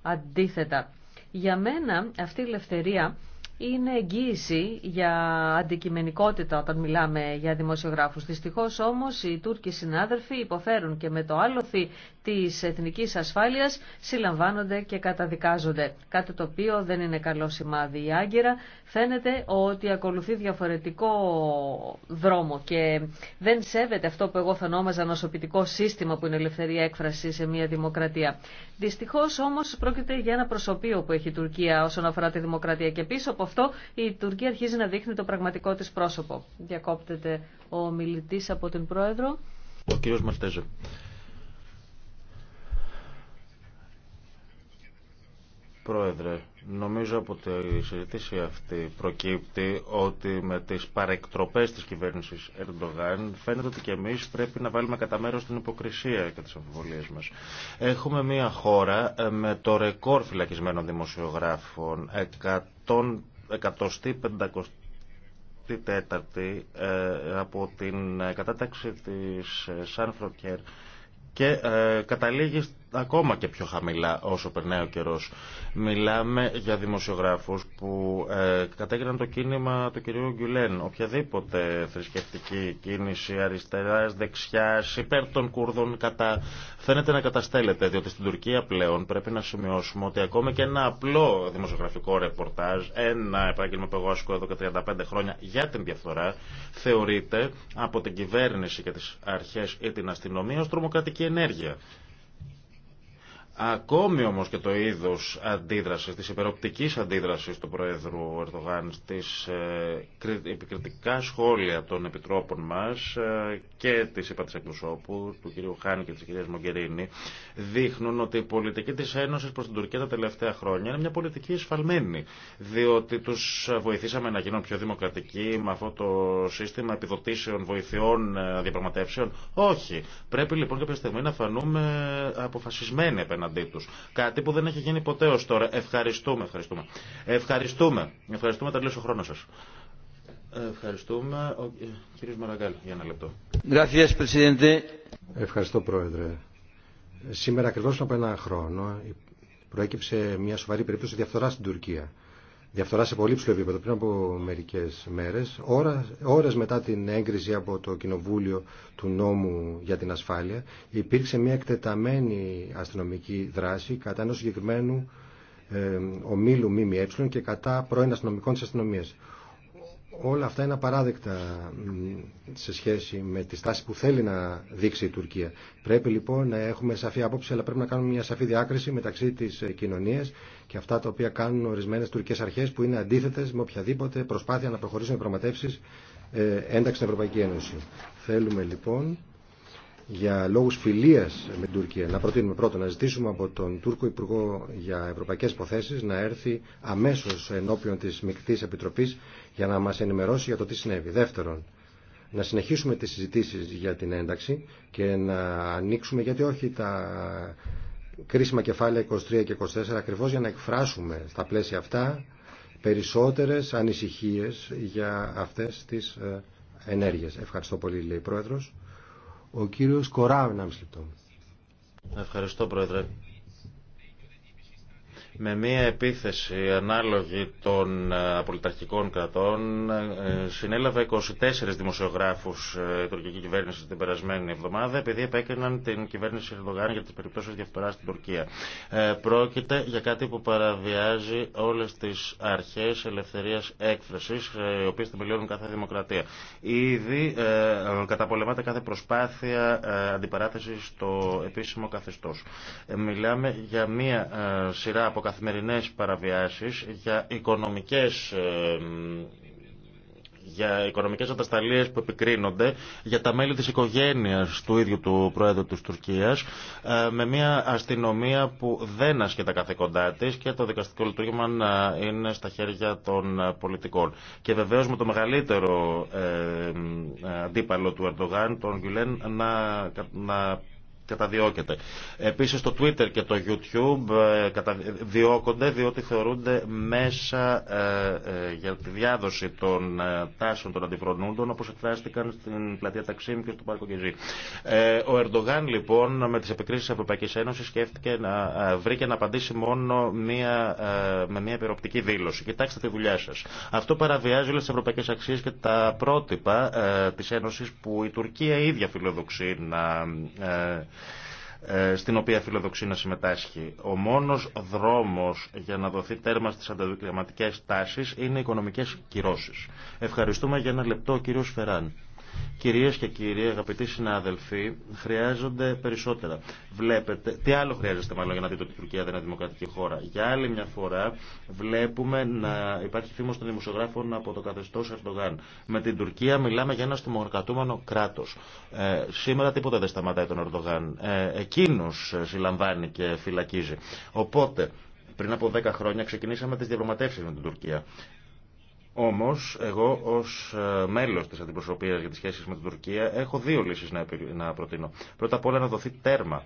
Speaker 4: Αντίθετα, για μένα αυτή η ελευθερία είναι εγγύηση για αντικειμενικότητα όταν μιλάμε για δημοσιογράφους. Δυστυχώς όμως οι Τούρκοι συνάδελφοι υποφέρουν και με το άλοθη της εθνικής ασφάλειας συλλαμβάνονται και καταδικάζονται. Κάτι το οποίο δεν είναι καλό σημάδι. Η Άγκυρα φαίνεται ότι ακολουθεί διαφορετικό δρόμο και δεν σέβεται αυτό που εγώ θα ονόμαζα νοσοποιητικό σύστημα που είναι ελευθερία έκφραση σε μια δημοκρατία. Δυστυχώς όμως πρόκειται για ένα προσωπείο που έχει η Τουρκία όσον αφορά τη δημοκρατία και πίσω από αυτό η Τουρκία αρχίζει να δείχνει το πραγματικό της πρόσωπο. Διακόπτεται ο μιλητής από την Πρόεδρο.
Speaker 1: Ο κύριος Μαρτέζε. Πρόεδρε, νομίζω από τη συζήτηση αυτή προκύπτει ότι με τις παρεκτροπές της κυβέρνησης Ερντογάν φαίνεται ότι και εμείς πρέπει να βάλουμε κατά μέρος την υποκρισία και τις αμφιβολίες μας. Έχουμε μια χώρα ε, με το ρεκόρ φυλακισμένων δημοσιογράφων, εκατοστή πεντακοστή ε, από την ε, κατάταξη της Σαν ε, και καταλήγει ακόμα και πιο χαμηλά όσο περνάει ο καιρός. Μιλάμε για δημοσιογράφους που ε, το κίνημα του κυρίου Γκουλέν. Οποιαδήποτε θρησκευτική κίνηση αριστεράς, δεξιάς, υπέρ των Κούρδων κατα... φαίνεται να καταστέλλεται, διότι στην Τουρκία πλέον πρέπει να σημειώσουμε ότι ακόμα και ένα απλό δημοσιογραφικό ρεπορτάζ, ένα επάγγελμα που εγώ ασκώ εδώ και 35 χρόνια για την διαφθορά, θεωρείται από την κυβέρνηση και τις αρχές ή την αστυνομία ω τρομοκρατική ενέργεια. Ακόμη όμω και το είδο αντίδραση, τη υπεροπτική αντίδραση του Προέδρου Ερδογάν στις ε, επικριτικά σχόλια των επιτρόπων μας ε, και τη ΥΠΑ εκπροσώπου, του κ. Χάνη και τη κ. Μογκερίνη, δείχνουν ότι η πολιτική τη Ένωση προ την Τουρκία τα τελευταία χρόνια είναι μια πολιτική εσφαλμένη, διότι του βοηθήσαμε να γίνουν πιο δημοκρατικοί με αυτό το σύστημα επιδοτήσεων, βοηθειών, ε, διαπραγματεύσεων. Όχι. Πρέπει λοιπόν κάποια στιγμή να φανούμε αποφασισμένοι απέναντί του. Κάτι που δεν έχει γίνει ποτέ ω τώρα. Ευχαριστούμε, ευχαριστούμε. Ευχαριστούμε. Ευχαριστούμε, τελείωσε ο χρόνο σα. Ευχαριστούμε. Ο κύριος Μαραγκάλ, για ένα λεπτό.
Speaker 3: Ευχαριστώ, Πρόεδρε. Σήμερα ακριβώ από ένα χρόνο προέκυψε μια σοβαρή περίπτωση διαφθορά στην Τουρκία διαφθορά σε πολύ ψηλό επίπεδο πριν από μερικές μέρες, ώρες μετά την έγκριση από το Κοινοβούλιο του νόμου για την ασφάλεια, υπήρξε μια εκτεταμένη αστυνομική δράση κατά ενό συγκεκριμένου ε, ομίλου ΜΜΕ και κατά πρώην αστυνομικών τη αστυνομία όλα αυτά είναι απαράδεκτα σε σχέση με τη στάση που θέλει να δείξει η Τουρκία. Πρέπει λοιπόν να έχουμε σαφή άποψη, αλλά πρέπει να κάνουμε μια σαφή διάκριση μεταξύ τη ε, κοινωνία και αυτά τα οποία κάνουν ορισμένε τουρκικέ αρχέ που είναι αντίθετε με οποιαδήποτε προσπάθεια να προχωρήσουν οι προγραμματεύσει ε, ένταξη στην Ευρωπαϊκή Ένωση. Θέλουμε λοιπόν για λόγους φιλίας με την Τουρκία. Να προτείνουμε πρώτον να ζητήσουμε από τον Τούρκο Υπουργό για Ευρωπαϊκές Υποθέσεις να έρθει αμέσως ενώπιον της Μικτής Επιτροπής για να μας ενημερώσει για το τι συνέβη. Δεύτερον, να συνεχίσουμε τις συζητήσεις για την ένταξη και να ανοίξουμε γιατί όχι τα κρίσιμα κεφάλαια 23 και 24 ακριβώς για να εκφράσουμε στα πλαίσια αυτά περισσότερες ανησυχίες για αυτές τις ε, ενέργειες. Ευχαριστώ πολύ λέει η Πρόεδρος. Ο κύριος Κοράου, 1,5
Speaker 1: Ευχαριστώ, Πρόεδρε. Με μια επίθεση ανάλογη των ε, απολυταρχικών κρατών ε, συνέλαβε 24 δημοσιογράφους ε, η τουρκική κυβέρνηση την περασμένη εβδομάδα επειδή επέκριναν την κυβέρνηση Ερντογάν για τις περιπτώσεις διαφθοράς στην Τουρκία. Πρόκειται για κάτι που παραβιάζει όλες τις αρχές ελευθερίας έκφρασης οι οποίες θεμελιώνουν κάθε δημοκρατία. Ήδη καταπολεμάται κάθε προσπάθεια αντιπαράθεσης στο επίσημο καθεστώς. Μιλάμε για μια σειρά από καθημερινές παραβιάσεις για οικονομικές για οικονομικέ ατασταλίε που επικρίνονται για τα μέλη τη οικογένεια του ίδιου του Προέδρου τη Τουρκία, ε, με μια αστυνομία που δεν ασκεί τα καθήκοντά τη και το δικαστικό λειτουργήμα να είναι στα χέρια των πολιτικών. Και βεβαίω με το μεγαλύτερο αντίπαλο του Ερντογάν, τον Γκουλέν, να, να καταδιώκεται. Επίσης το Twitter και το YouTube ε, διώκονται διότι θεωρούνται μέσα ε, ε, για τη διάδοση των τάσεων των αντιφρονούντων όπως εκφράστηκαν στην πλατεία Ταξίμ και στο Πάρκο Ε, Ο Ερντογάν λοιπόν με τις επικρίσεις της Ευρωπαϊκής Ένωσης σκέφτηκε να βρει και να απαντήσει μόνο μία, με μια επιρροπτική δήλωση. Κοιτάξτε τη δουλειά σας. Αυτό παραβιάζει όλες τις ευρωπαϊκές αξίες και τα πρότυπα της Ένωσης που η Τουρκία ίδια φιλοδοξεί να ε, στην οποία φιλοδοξεί να συμμετάσχει. Ο μόνος δρόμος για να δοθεί τέρμα στις ανταδικαιματικές τάσεις είναι οι οικονομικές κυρώσεις. Ευχαριστούμε για ένα λεπτό, κύριο Φεράν. Κυρίες και κύριοι, αγαπητοί συνάδελφοι, χρειάζονται περισσότερα. Βλέπετε, τι άλλο χρειάζεστε μάλλον για να δείτε ότι η Τουρκία δεν είναι δημοκρατική χώρα. Για άλλη μια φορά βλέπουμε να υπάρχει θύμος των δημοσιογράφων από το καθεστώς Ερντογάν. Με την Τουρκία μιλάμε για ένα στιμοκρατούμενο κράτος. Ε, σήμερα τίποτα δεν σταματάει τον Ερντογάν. Ε, εκείνος ε, συλλαμβάνει και φυλακίζει. Οπότε, πριν από 10 χρόνια ξεκινήσαμε τις διαπραγματεύσεις με την Τουρκία. Όμως, εγώ ως ε, μέλος της αντιπροσωπείας για τις σχέσεις με την Τουρκία έχω δύο λύσεις να προτείνω. Πρώτα απ' όλα να δοθεί τέρμα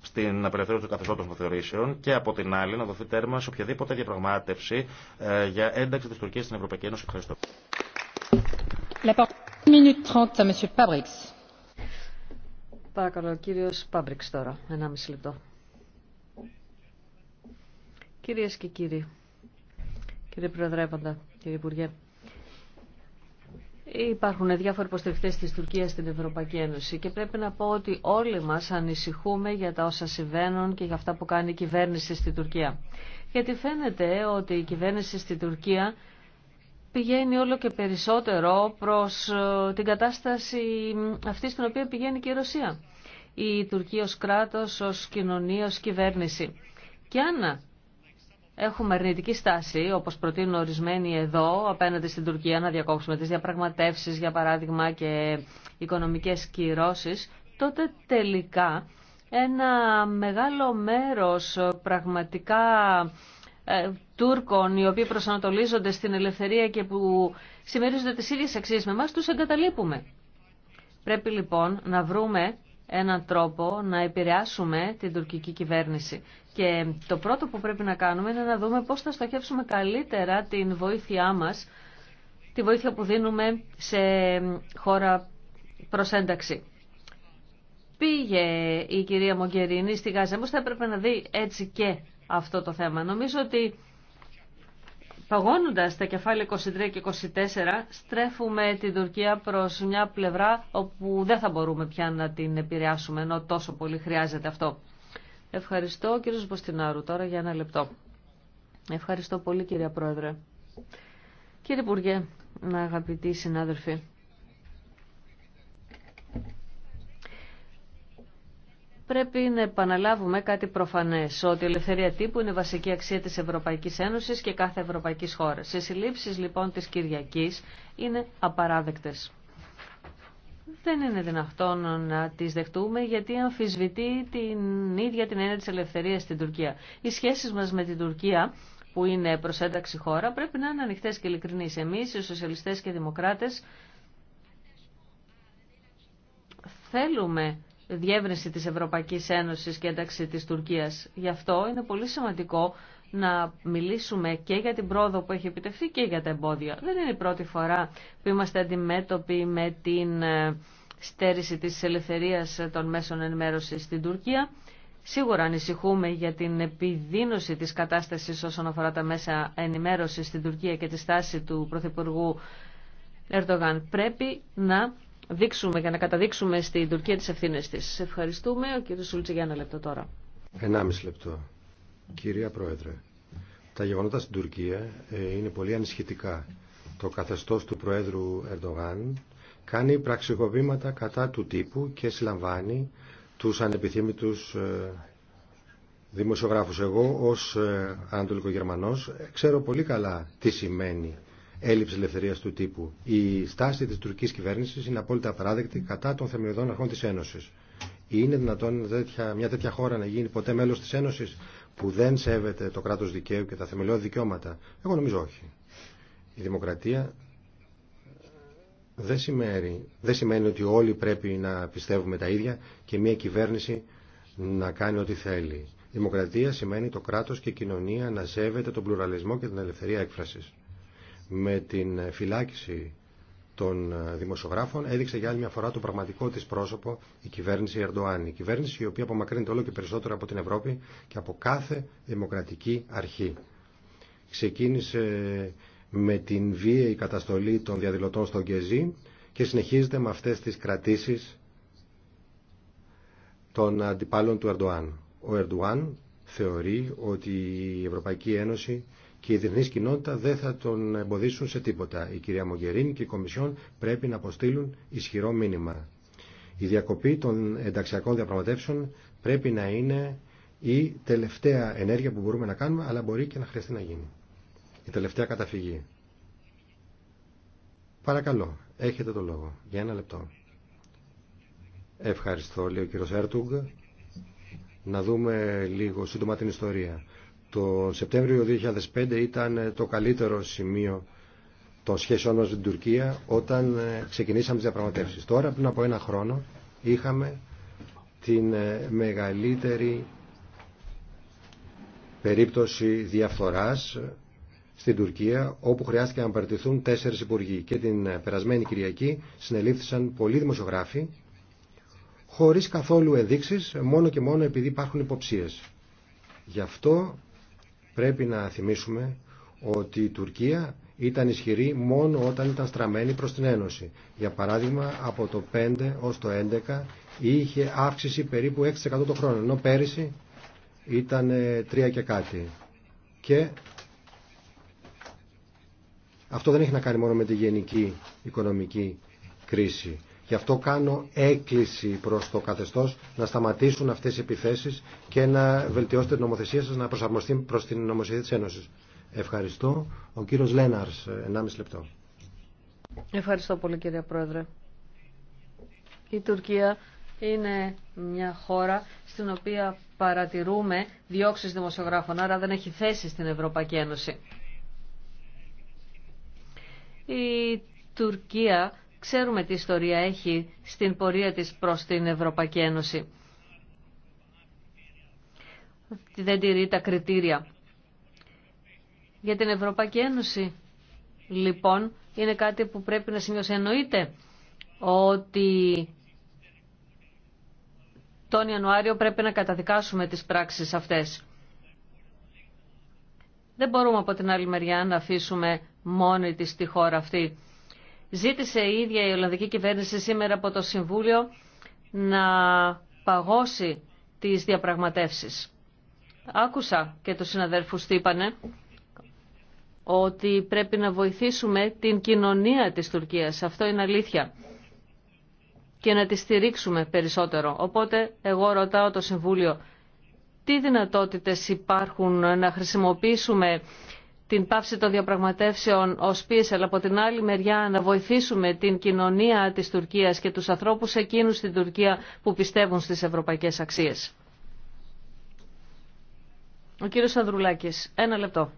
Speaker 1: στην απελευθέρωση του καθεστώτων των θεωρήσεων και από την άλλη να δοθεί τέρμα σε οποιαδήποτε διαπραγμάτευση ε, για ένταξη τη Τουρκία στην Ευρωπαϊκή Ένωση. Ευχαριστώ.
Speaker 4: Παρακαλώ, Πάμπριξ τώρα, λεπτό. Κυρίες και κύριοι, Κύριε Προεδρεύοντα, κύριε Υπουργέ. Υπάρχουν διάφοροι υποστηριχτέ τη Τουρκία στην Ευρωπαϊκή Ένωση και πρέπει να πω ότι όλοι μα ανησυχούμε για τα όσα συμβαίνουν και για αυτά που κάνει η κυβέρνηση στη Τουρκία. Γιατί φαίνεται ότι η κυβέρνηση στη Τουρκία πηγαίνει όλο και περισσότερο προς ε, την κατάσταση αυτή στην οποία πηγαίνει και η Ρωσία. Η Τουρκία ως κράτος, ως κοινωνία, ως κυβέρνηση. Και αν έχουμε αρνητική στάση, όπως προτείνουν ορισμένοι εδώ, απέναντι στην Τουρκία να διακόψουμε τις διαπραγματεύσεις, για παράδειγμα, και οικονομικές κυρώσει. τότε τελικά ένα μεγάλο μέρος πραγματικά ε, Τούρκων οι οποίοι προσανατολίζονται στην ελευθερία και που συμμερίζονται τις ίδιες αξίες με εμά, τους εγκαταλείπουμε. Πρέπει λοιπόν να βρούμε έναν τρόπο να επηρεάσουμε την τουρκική κυβέρνηση. Και το πρώτο που πρέπει να κάνουμε είναι να δούμε πώς θα στοχεύσουμε καλύτερα την βοήθειά μας, τη βοήθεια που δίνουμε σε χώρα προς ένταξη. Πήγε η κυρία Μογκερίνη στη Γάζα, θα έπρεπε να δει έτσι και αυτό το θέμα. Νομίζω ότι Παγώνοντας τα κεφάλαια 23 και 24, στρέφουμε την Τουρκία προς μια πλευρά όπου δεν θα μπορούμε πια να την επηρεάσουμε, ενώ τόσο πολύ χρειάζεται αυτό. Ευχαριστώ κύριο Μποστινάρου τώρα για ένα λεπτό. Ευχαριστώ πολύ κυρία Πρόεδρε. Κύριε Υπουργέ, αγαπητοί συνάδελφοι, πρέπει να επαναλάβουμε κάτι προφανές, ότι η ελευθερία τύπου είναι βασική αξία της Ευρωπαϊκής Ένωσης και κάθε ευρωπαϊκής χώρας. Οι συλλήψεις λοιπόν της Κυριακής είναι απαράδεκτες. Δεν είναι δυνατόν να τις δεχτούμε γιατί αμφισβητεί την ίδια την έννοια της ελευθερίας στην Τουρκία. Οι σχέσεις μας με την Τουρκία που είναι προς ένταξη χώρα πρέπει να είναι ανοιχτές και ειλικρινείς. Εμείς οι σοσιαλιστές και θέλουμε διεύρυνση της Ευρωπαϊκής Ένωσης και ένταξη της Τουρκίας. Γι' αυτό είναι πολύ σημαντικό να μιλήσουμε και για την πρόοδο που έχει επιτευχθεί και για τα εμπόδια. Δεν είναι η πρώτη φορά που είμαστε αντιμέτωποι με την ε, στέρηση της ελευθερίας των μέσων ενημέρωσης στην Τουρκία. Σίγουρα ανησυχούμε για την επιδείνωση της κατάστασης όσον αφορά τα μέσα ενημέρωσης στην Τουρκία και τη στάση του Πρωθυπουργού Ερντογάν. Πρέπει να δείξουμε, για να καταδείξουμε στην Τουρκία τις ευθύνες της. Ευχαριστούμε. Ο κύριος Σούλτσε για ένα λεπτό τώρα.
Speaker 3: Ενάμιση λεπτό. Κυρία Πρόεδρε, τα γεγονότα στην Τουρκία ε, είναι πολύ ανησυχητικά. Το καθεστώς του Προέδρου Ερντογάν κάνει πραξικοπήματα κατά του τύπου και συλλαμβάνει τους ανεπιθύμητους ε, δημοσιογράφους. Εγώ ως ε, Ανατολικογερμανός ξέρω πολύ καλά τι σημαίνει έλλειψη ελευθερία του τύπου. Η στάση τη τουρκική κυβέρνηση είναι απόλυτα απαράδεκτη κατά των θεμελιωδών αρχών τη Ένωση. Είναι δυνατόν μια τέτοια χώρα να γίνει ποτέ μέλο τη Ένωση που δεν σέβεται το κράτο δικαίου και τα θεμελιώδη δικαιώματα. Εγώ νομίζω όχι. Η δημοκρατία δεν σημαίνει, ότι όλοι πρέπει να πιστεύουμε τα ίδια και μια κυβέρνηση να κάνει ό,τι θέλει. Δημοκρατία σημαίνει το κράτος και η κοινωνία να σέβεται τον πλουραλισμό και την ελευθερία έκφρασης με την φυλάκιση των ε, δημοσιογράφων έδειξε για άλλη μια φορά το πραγματικό της πρόσωπο η κυβέρνηση Ερντοάν. Η κυβέρνηση η οποία απομακρύνεται όλο και περισσότερο από την Ευρώπη και από κάθε δημοκρατική αρχή. Ξεκίνησε με την βίαιη καταστολή των διαδηλωτών στον Κεζί και συνεχίζεται με αυτές τις κρατήσεις των αντιπάλων του Ερντοάν. Ο Ερντοάν θεωρεί ότι η Ευρωπαϊκή Ένωση και η διεθνή κοινότητα δεν θα τον εμποδίσουν σε τίποτα. Η κυρία Μογερίνη και η Κομισιόν πρέπει να αποστείλουν ισχυρό μήνυμα. Η διακοπή των ενταξιακών διαπραγματεύσεων πρέπει να είναι η τελευταία ενέργεια που μπορούμε να κάνουμε, αλλά μπορεί και να χρειαστεί να γίνει. Η τελευταία καταφυγή. Παρακαλώ, έχετε το λόγο. Για ένα λεπτό. Ευχαριστώ, λέει ο κύριο Έρτουγκ. Να δούμε λίγο σύντομα την ιστορία. Το Σεπτέμβριο 2005 ήταν ε, το καλύτερο σημείο των σχέσεων μας με την Τουρκία όταν ε, ξεκινήσαμε τις διαπραγματεύσεις. Τώρα πριν από ένα χρόνο είχαμε την ε, μεγαλύτερη περίπτωση διαφθοράς στην Τουρκία όπου χρειάστηκε να παρατηθούν τέσσερις υπουργοί και την περασμένη Κυριακή συνελήφθησαν πολλοί δημοσιογράφοι χωρίς καθόλου ενδείξεις μόνο και μόνο επειδή υπάρχουν υποψίες. Γι' αυτό Πρέπει να θυμίσουμε ότι η Τουρκία ήταν ισχυρή μόνο όταν ήταν στραμμένη προς την Ένωση. Για παράδειγμα, από το 5 ως το 11 είχε αύξηση περίπου 6% το χρόνο, ενώ πέρυσι ήταν 3 ε, και κάτι. Και αυτό δεν έχει να κάνει μόνο με τη γενική οικονομική κρίση. Γι' αυτό κάνω έκκληση προς το καθεστώς να σταματήσουν αυτές οι επιθέσεις και να βελτιώσετε την νομοθεσία σας να προσαρμοστεί προς την νομοθεσία της Ένωσης. Ευχαριστώ. Ο κύριος Λέναρς, 1,5 λεπτό.
Speaker 4: Ευχαριστώ πολύ κύριε Πρόεδρε. Η Τουρκία είναι μια χώρα στην οποία παρατηρούμε διώξεις δημοσιογράφων, άρα δεν έχει θέση στην Ευρωπαϊκή Ένωση. Η Τουρκία Ξέρουμε τι ιστορία έχει στην πορεία της προς την Ευρωπαϊκή Ένωση. Δεν τηρεί τα κριτήρια. Για την Ευρωπαϊκή Ένωση, λοιπόν, είναι κάτι που πρέπει να σημειώσει. Εννοείται ότι τον Ιανουάριο πρέπει να καταδικάσουμε τις πράξεις αυτές. Δεν μπορούμε από την άλλη μεριά να αφήσουμε μόνη της τη χώρα αυτή. Ζήτησε η ίδια η Ολλανδική κυβέρνηση σήμερα από το Συμβούλιο να παγώσει τις διαπραγματεύσεις. Άκουσα και τους συναδέρφους τι είπανε ότι πρέπει να βοηθήσουμε την κοινωνία της Τουρκίας. Αυτό είναι αλήθεια. Και να τη στηρίξουμε περισσότερο. Οπότε εγώ ρωτάω το Συμβούλιο τι δυνατότητες υπάρχουν να χρησιμοποιήσουμε την πάυση των διαπραγματεύσεων ως πίεση, αλλά από την άλλη μεριά να βοηθήσουμε την κοινωνία της Τουρκίας και τους ανθρώπους εκείνους στην Τουρκία που πιστεύουν στις ευρωπαϊκές αξίες. Ο κύριος Ανδρουλάκης, ένα λεπτό.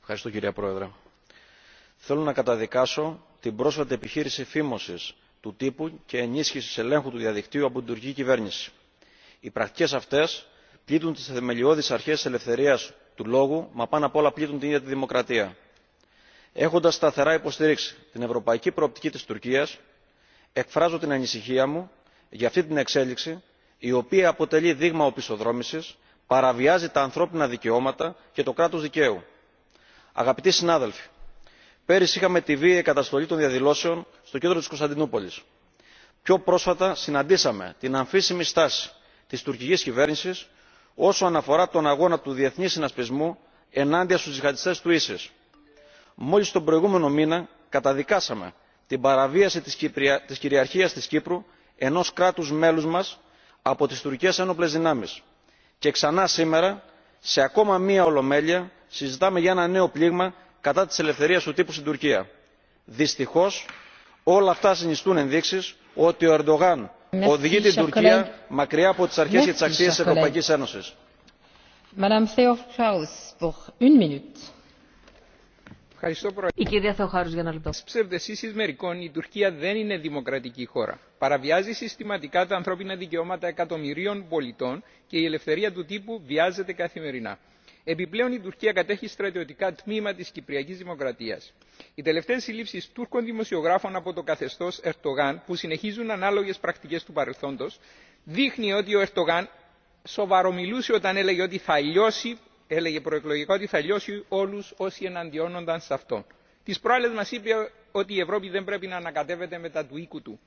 Speaker 10: Ευχαριστώ κυρία Πρόεδρε. Θέλω να καταδικάσω την πρόσφατη επιχείρηση φήμωσης του τύπου και ενίσχυσης ελέγχου του διαδικτύου από την τουρκική κυβέρνηση. Οι πρακτικές αυτές πλήττουν τι θεμελιώδει αρχέ ελευθερία του λόγου μα πάνω απ' όλα πλήττουν την ίδια τη δημοκρατία. έχοντα σταθερά υποστηρίξει την ευρωπαϊκή προοπτική τη τουρκία εκφράζω την ανησυχία μου για αυτή την εξέλιξη η οποία αποτελεί δείγμα οπισθοδρόμηση παραβιάζει τα ανθρώπινα δικαιώματα και το κράτο δικαίου. αγαπητοί συνάδελφοι πέρυσι είχαμε τη βίαιη καταστολή των διαδηλώσεων στο κέντρο τη κωνσταντινούπολη. πιο πρόσφατα συναντήσαμε την αμφίσιμη στάση τη τουρκική κυβέρνηση όσον αφορά τον αγώνα του διεθνή συνασπισμού ενάντια στους τζιχαντιστές του Ίσες. μόλις τον προηγούμενο μήνα καταδικάσαμε την παραβίαση της, τη κυριαρχίας της κύπρου ενός κράτους μέλους μας από τις τουρκικές ένοπλες δυνάμεις και ξανά σήμερα σε ακόμα μία ολομέλεια συζητάμε για ένα νέο πλήγμα κατά της ελευθερίας του τύπου στην τουρκία. δυστυχώς όλα αυτά συνιστούν ενδείξεις ότι ο ερντογάν οδηγεί την Τουρκία μακριά από τις αρχές και τις αξίες της Ευρωπαϊκής Ένωσης.
Speaker 11: Η κυρία Θεοχάρου για λεπτό. Στις ψευδεσίσεις μερικών η Τουρκία δεν είναι δημοκρατική χώρα. Παραβιάζει συστηματικά τα ανθρώπινα δικαιώματα εκατομμυρίων πολιτών και η ελευθερία του τύπου βιάζεται καθημερινά επιπλέον η τουρκία κατέχει στρατιωτικά τμήμα της κυπριακής δημοκρατίας. οι τελευταίες συλλήψεις τούρκων δημοσιογράφων από το καθεστώς Ερτογάν, που συνεχίζουν ανάλογες πρακτικές του παρελθόντος δείχνει ότι ο Ερτογάν σοβαρομιλούσε όταν έλεγε, ότι θα έλεγε προεκλογικά ότι θα λιώσει όλου όσοι εναντιώνονταν σε αυτόν. Τη προάλλε μα είπε ότι η Ευρώπη δεν πρέπει να ανακατεύεται με του οίκου του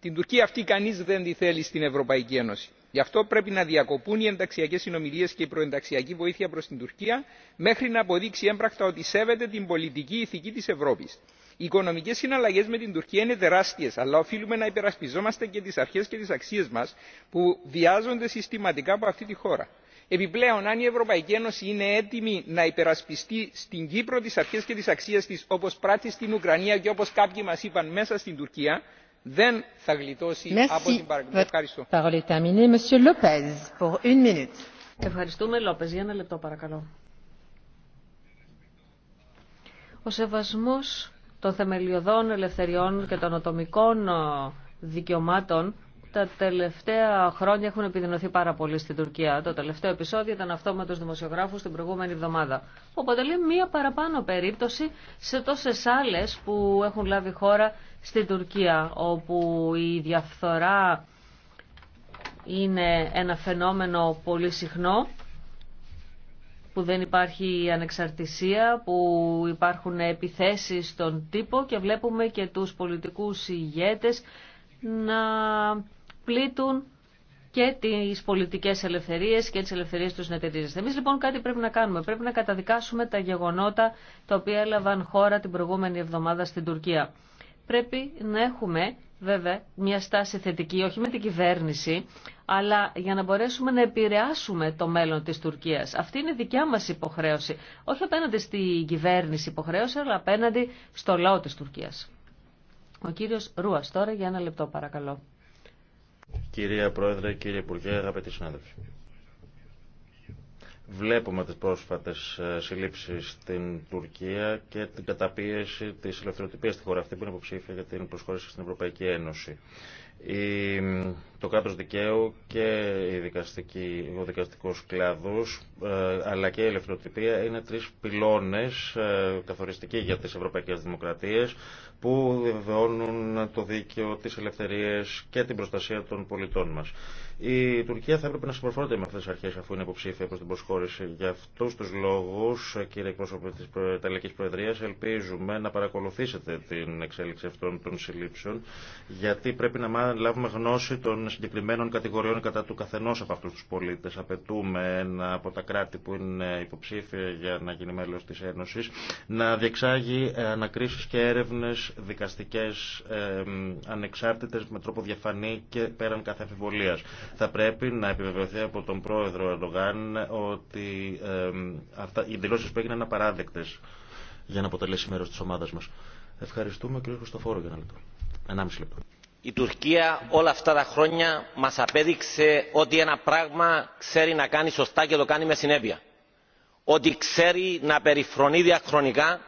Speaker 11: την τουρκία αυτή κανείς δεν τη θέλει στην ευρωπαϊκή ένωση. γι' αυτό πρέπει να διακοπούν οι ενταξιακές συνομιλίες και η προενταξιακή βοήθεια προς την τουρκία μέχρι να αποδείξει έμπρακτα ότι σέβεται την πολιτική ηθική της ευρώπης. οι οικονομικές συναλλαγές με την τουρκία είναι τεράστιες αλλά οφείλουμε να υπερασπιζόμαστε και τις αρχές και τις αξίες μας που βιάζονται συστηματικά από αυτή τη χώρα. Επιπλέον, αν η Ευρωπαϊκή Ένωση είναι έτοιμη να υπερασπιστεί στην Κύπρο τις αρχέ και τις αξίες τη όπω πράττει στην Ουκρανία και όπως κάποιοι είπαν μέσα στην Τουρκία, δεν θα γλιτώσει από την παραγωγή. Ευχαριστώ.
Speaker 4: Ευχαριστούμε, Λόπες. Για ένα λεπτό, παρακαλώ. Ο σεβασμός των θεμελιωδών ελευθεριών και των ατομικών ε, δικαιωμάτων τα τελευταία χρόνια έχουν επιδεινωθεί πάρα πολύ στην Τουρκία. Το τελευταίο επεισόδιο ήταν αυτό με του δημοσιογράφου την προηγούμενη εβδομάδα. Που αποτελεί μία παραπάνω περίπτωση σε τόσε άλλες που έχουν λάβει χώρα στην Τουρκία, όπου η διαφθορά είναι ένα φαινόμενο πολύ συχνό που δεν υπάρχει ανεξαρτησία, που υπάρχουν επιθέσεις στον τύπο και βλέπουμε και τους πολιτικούς ηγέτες να πλήττουν και τι πολιτικέ ελευθερίε και τι ελευθερίε του συνεταιρίζεσθε. Εμεί λοιπόν κάτι πρέπει να κάνουμε. Πρέπει να καταδικάσουμε τα γεγονότα τα οποία έλαβαν χώρα την προηγούμενη εβδομάδα στην Τουρκία. Πρέπει να έχουμε βέβαια μια στάση θετική, όχι με την κυβέρνηση, αλλά για να μπορέσουμε να επηρεάσουμε το μέλλον της Τουρκίας. Αυτή είναι δικιά μας υποχρέωση. Όχι απέναντι στην κυβέρνηση υποχρέωση, αλλά απέναντι στο λαό της Τουρκίας. Ο κύριος Ρούα τώρα για ένα λεπτό παρακαλώ.
Speaker 1: Κυρία Πρόεδρε, κύριε Υπουργέ, αγαπητοί συνάδελφοι. Βλέπουμε τις πρόσφατες ε, συλλήψεις στην Τουρκία και την καταπίεση της ελευθεροτυπίας στη χώρα αυτή που είναι υποψήφια για την προσχώρηση στην Ευρωπαϊκή Ένωση το κράτος δικαίου και ο δικαστικός κλάδος ε, αλλά και η ελευθεροτυπία είναι τρεις πυλώνες ε, καθοριστικοί για τις ευρωπαϊκές δημοκρατίες που βεβαιώνουν το δίκαιο, τις ελευθερίες και την προστασία των πολιτών μας. Η Τουρκία θα έπρεπε να συμπορφώνεται με αυτέ τις αρχέ αφού είναι υποψήφια προς την προσχώρηση. Για αυτούς του λόγου, ε, κύριε εκπρόσωπο τη Ιταλική Προεδρία, ελπίζουμε να παρακολουθήσετε την εξέλιξη αυτών των συλλήψεων, γιατί πρέπει να λάβουμε γνώση των συγκεκριμένων κατηγοριών κατά του καθενό από αυτού του πολίτε. Απαιτούμε ένα από τα κράτη που είναι υποψήφια για να γίνει μέλο τη Ένωση να διεξάγει ε, ανακρίσει και έρευνε δικαστικέ ε, ανεξάρτητε με τρόπο διαφανή και πέραν κάθε αμφιβολία. Θα πρέπει να επιβεβαιωθεί από τον πρόεδρο Ερντογάν ότι ε, αυτά, οι δηλώσει που έγιναν απαράδεκτε για να αποτελέσει μέρο τη ομάδα μα. Ευχαριστούμε, κύριο Χρυστοφόρο, για ένα λεπτό. Ενάμιση λεπτό
Speaker 12: η τουρκία όλα αυτά τα χρόνια μας απέδειξε ότι ένα πράγμα ξέρει να κάνει σωστά και το κάνει με συνέπεια ότι ξέρει να περιφρονεί διαχρονικά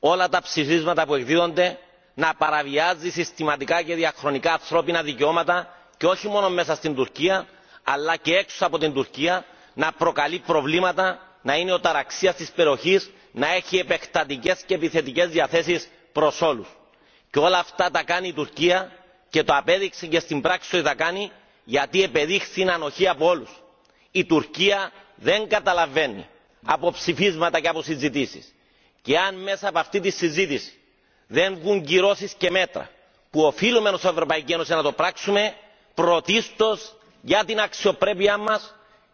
Speaker 12: όλα τα ψηφίσματα που εκδίδονται να παραβιάζει συστηματικά και διαχρονικά ανθρώπινα δικαιώματα και όχι μόνο μέσα στην τουρκία αλλά και έξω από την τουρκία να προκαλεί προβλήματα να είναι ο ταραξίας της περιοχής να έχει επεκτατικές και επιθετικές διαθέσεις προς όλους και όλα αυτά τα κάνει η τουρκία και το απέδειξε και στην πράξη ότι τα κάνει γιατί επεδείχθη ανοχή από όλου. η τουρκία δεν καταλαβαίνει από ψηφίσματα και από συζητήσει και αν μέσα από αυτή τη συζήτηση δεν βγουν κυρώσει και μέτρα που οφείλουμε ω ευρωπαϊκή ένωση να το πράξουμε πρωτίστω για την αξιοπρέπειά μα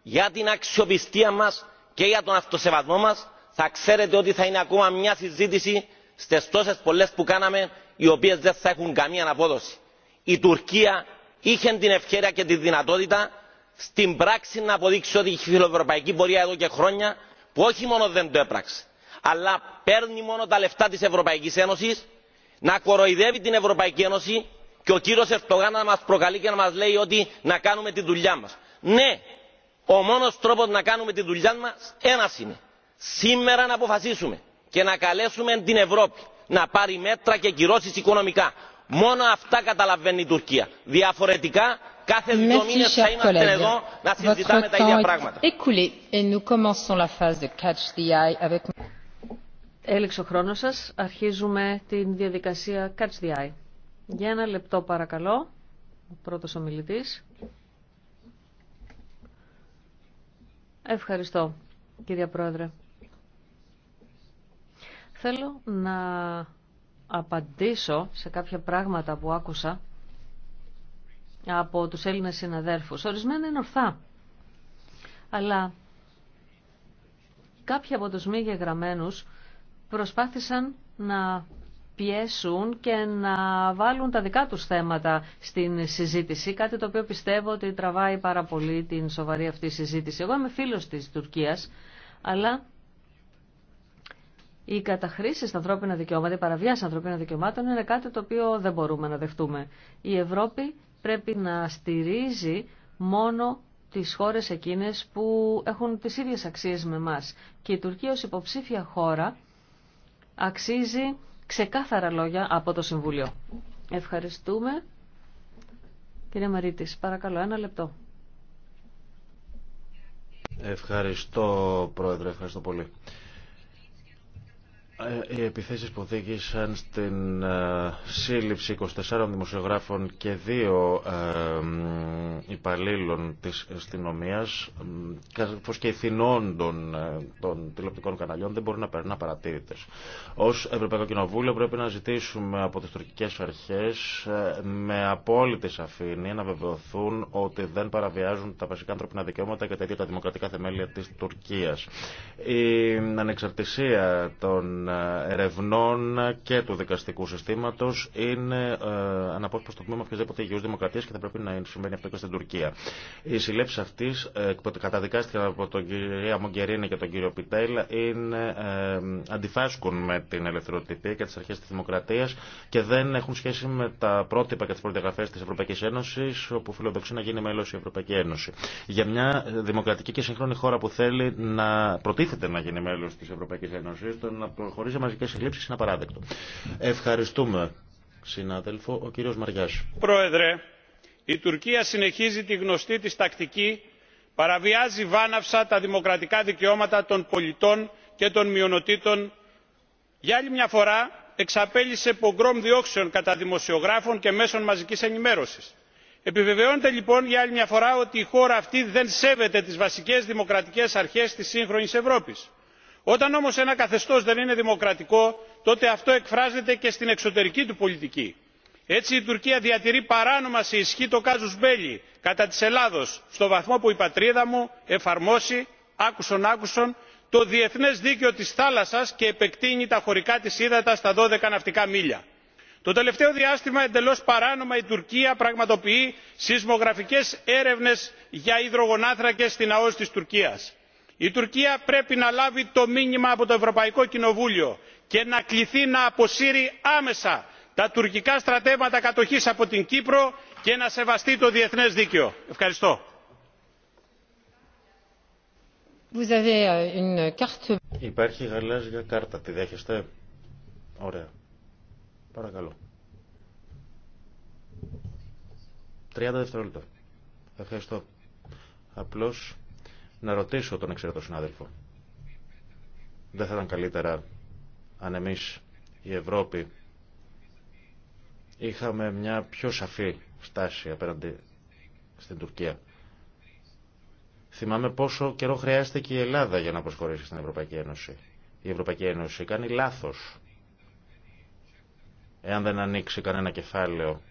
Speaker 12: για την αξιοπιστία μα και για τον αυτοσεβασμό μα θα ξέρετε ότι θα είναι ακόμα μια συζήτηση στι τόσε πολλέ που κάναμε οι οποίε δεν θα έχουν καμία απόδοση. η τουρκία είχε την ευκαιρία και τη δυνατότητα στην πράξη να αποδείξει ότι έχει φιλοευρωπαϊκή πορεία εδώ και χρόνια που όχι μόνο δεν το έπραξε αλλά παίρνει μόνο τα λεφτά τη Ευρωπαϊκή Ένωση, να κοροϊδεύει την Ευρωπαϊκή Ένωση και ο κύριο Ερτογάν να μα προκαλεί και να μα λέει ότι να κάνουμε τη δουλειά μα. Ναι, ο μόνο τρόπο να κάνουμε τη δουλειά μα ένα είναι. Σήμερα να αποφασίσουμε και να καλέσουμε την Ευρώπη να πάρει μέτρα και κυρώσεις οικονομικά. Μόνο αυτά καταλαβαίνει η Τουρκία. Διαφορετικά κάθε δύο μήνες θα είμαστε εδώ να συζητάμε τα
Speaker 9: ίδια πράγματα.
Speaker 4: Έληξε ο χρόνο σα Αρχίζουμε την διαδικασία Catch the Eye. Για ένα λεπτό παρακαλώ. Ο πρώτος ομιλητής. Ευχαριστώ, κυρία Πρόεδρε. Θέλω να απαντήσω σε κάποια πράγματα που άκουσα από τους Έλληνες συναδέρφους. Ορισμένα είναι ορθά. Αλλά κάποιοι από τους μη γεγραμμένους προσπάθησαν να πιέσουν και να βάλουν τα δικά τους θέματα στην συζήτηση, κάτι το οποίο πιστεύω ότι τραβάει πάρα πολύ την σοβαρή αυτή συζήτηση. Εγώ είμαι φίλος της Τουρκίας, αλλά οι καταχρήσει στα ανθρώπινα δικαιώματα, οι παραβιάσει ανθρωπίνων δικαιωμάτων είναι κάτι το οποίο δεν μπορούμε να δεχτούμε. Η Ευρώπη πρέπει να στηρίζει μόνο τις χώρες εκείνες που έχουν τις ίδιες αξίες με εμά. Και η Τουρκία ως υποψήφια χώρα αξίζει ξεκάθαρα λόγια από το Συμβούλιο. Ευχαριστούμε. Κύριε Μαρίτης, παρακαλώ ένα λεπτό.
Speaker 1: Ευχαριστώ, Πρόεδρε. Ευχαριστώ πολύ. Ε, οι επιθέσεις που οδήγησαν στην ε, σύλληψη 24 δημοσιογράφων και δύο ε, υπαλλήλων της αστυνομία, καθώς και ηθινών των, των τηλεοπτικών καναλιών δεν μπορούν να περνά παρατήρητες. Ως Ευρωπαϊκό Κοινοβούλιο πρέπει να ζητήσουμε από τις τουρκικές αρχές με απόλυτη σαφήνεια να βεβαιωθούν ότι δεν παραβιάζουν τα βασικά ανθρωπινά δικαιώματα και τα ίδια τα δημοκρατικά θεμέλια της Τουρκίας. Η ανεξαρτησία των ε, ερευνών και του δικαστικού συστήματο είναι ε, αναπόσπαστο τμήμα οποιασδήποτε υγιού δημοκρατία και θα πρέπει να συμβαίνει αυτό και στην Τουρκία. Οι συλλέψει αυτή ε, καταδικάστηκαν από τον κυρία Μογκερίνη και τον κύριο Πιτέλα αντιφάσκουν με την ελευθερωτική και τι αρχέ τη δημοκρατία και δεν έχουν σχέση με τα πρότυπα και τι προδιαγραφέ τη Ευρωπαϊκή Ένωση όπου φιλοδοξεί να γίνει μέλο η Ευρωπαϊκή Ένωση. Για μια δημοκρατική και σύγχρονη χώρα που θέλει να προτίθεται να γίνει μέλο τη Ευρωπαϊκή Ένωση, το να χωρί μαζικέ συλλήψει είναι απαράδεκτο. Ευχαριστούμε, συνάδελφο. Ο κύριο Μαριά.
Speaker 7: Πρόεδρε, η Τουρκία συνεχίζει τη γνωστή τη τακτική, παραβιάζει βάναυσα τα δημοκρατικά δικαιώματα των πολιτών και των μειονοτήτων. Για άλλη μια φορά εξαπέλυσε πογκρόμ διώξεων κατά δημοσιογράφων και μέσων μαζικής ενημέρωσης. επιβεβαιώνεται λοιπόν για άλλη μια φορά ότι η χώρα αυτή δεν σέβεται τις βασικές δημοκρατικές αρχές της σύγχρονης ευρώπης όταν όμως ένα καθεστώς δεν είναι δημοκρατικό τότε αυτό εκφράζεται και στην εξωτερική του πολιτική. έτσι η τουρκία διατηρεί παράνομα σε ισχύ το casus belli κατά της ελλάδος στο βαθμό που η πατρίδα μου εφαρμόσει άκουσον άκουσον το διεθνές δίκαιο της θάλασσας και επεκτείνει τα χωρικά της ύδατα στα 12 ναυτικά μίλια. Το τελευταίο διάστημα εντελώς παράνομα η Τουρκία πραγματοποιεί σεισμογραφικές έρευνες για υδρογονάνθρακες στην ΑΟΣ της Τουρκία η τουρκία πρέπει να λάβει το μήνυμα από το ευρωπαϊκό κοινοβούλιο και να κληθεί να αποσύρει άμεσα τα τουρκικά στρατεύματα κατοχής από την κύπρο και να σεβαστεί το διεθνές δίκαιο. ευχαριστώ.
Speaker 9: Euh,
Speaker 1: Υπάρχει γαλάζια κάρτα. Τη δέχεστε. Ωραία. Παρακαλώ. 30 δευτερόλεπτα. Ευχαριστώ. Απλώς να ρωτήσω τον εξαιρετό συνάδελφο. Δεν θα ήταν καλύτερα αν εμείς η Ευρώπη είχαμε μια πιο σαφή στάση απέναντι στην Τουρκία. Θυμάμαι πόσο καιρό χρειάστηκε η Ελλάδα για να προσχωρήσει στην Ευρωπαϊκή Ένωση. Η Ευρωπαϊκή Ένωση κάνει λάθος εάν δεν ανοίξει κανένα κεφάλαιο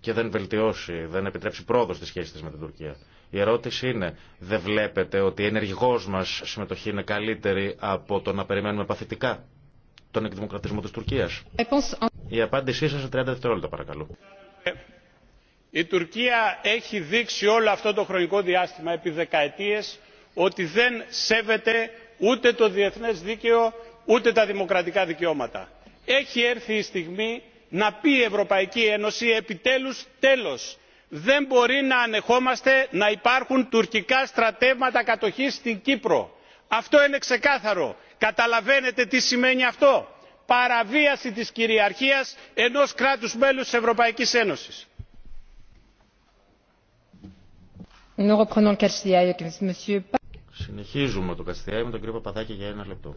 Speaker 1: και δεν βελτιώσει, δεν επιτρέψει πρόοδο στη σχέση της με την Τουρκία. Η ερώτηση είναι, δεν βλέπετε ότι η ενεργηγός μας συμμετοχή είναι καλύτερη από το να περιμένουμε παθητικά τον εκδημοκρατισμό της Τουρκίας. Η απάντησή σας σε 30 δευτερόλεπτα παρακαλώ. Ε,
Speaker 7: η Τουρκία έχει δείξει όλο αυτό το χρονικό διάστημα επί δεκαετίες ότι δεν σέβεται ούτε το διεθνές δίκαιο ούτε τα δημοκρατικά δικαιώματα. Έχει έρθει η στιγμή να πει η Ευρωπαϊκή Ένωση επιτέλους τέλος δεν μπορεί να ανεχόμαστε να υπάρχουν τουρκικά στρατεύματα κατοχής στην κύπρο. αυτό είναι ξεκάθαρο. καταλαβαίνετε τι σημαίνει αυτό; παραβίαση της κυριαρχίας ενός κράτους μέλους της ευρωπαϊκής ένωσης.
Speaker 1: Συνεχίζουμε το Καστιάι με τον κύριο Παπαδάκη για ένα λεπτό.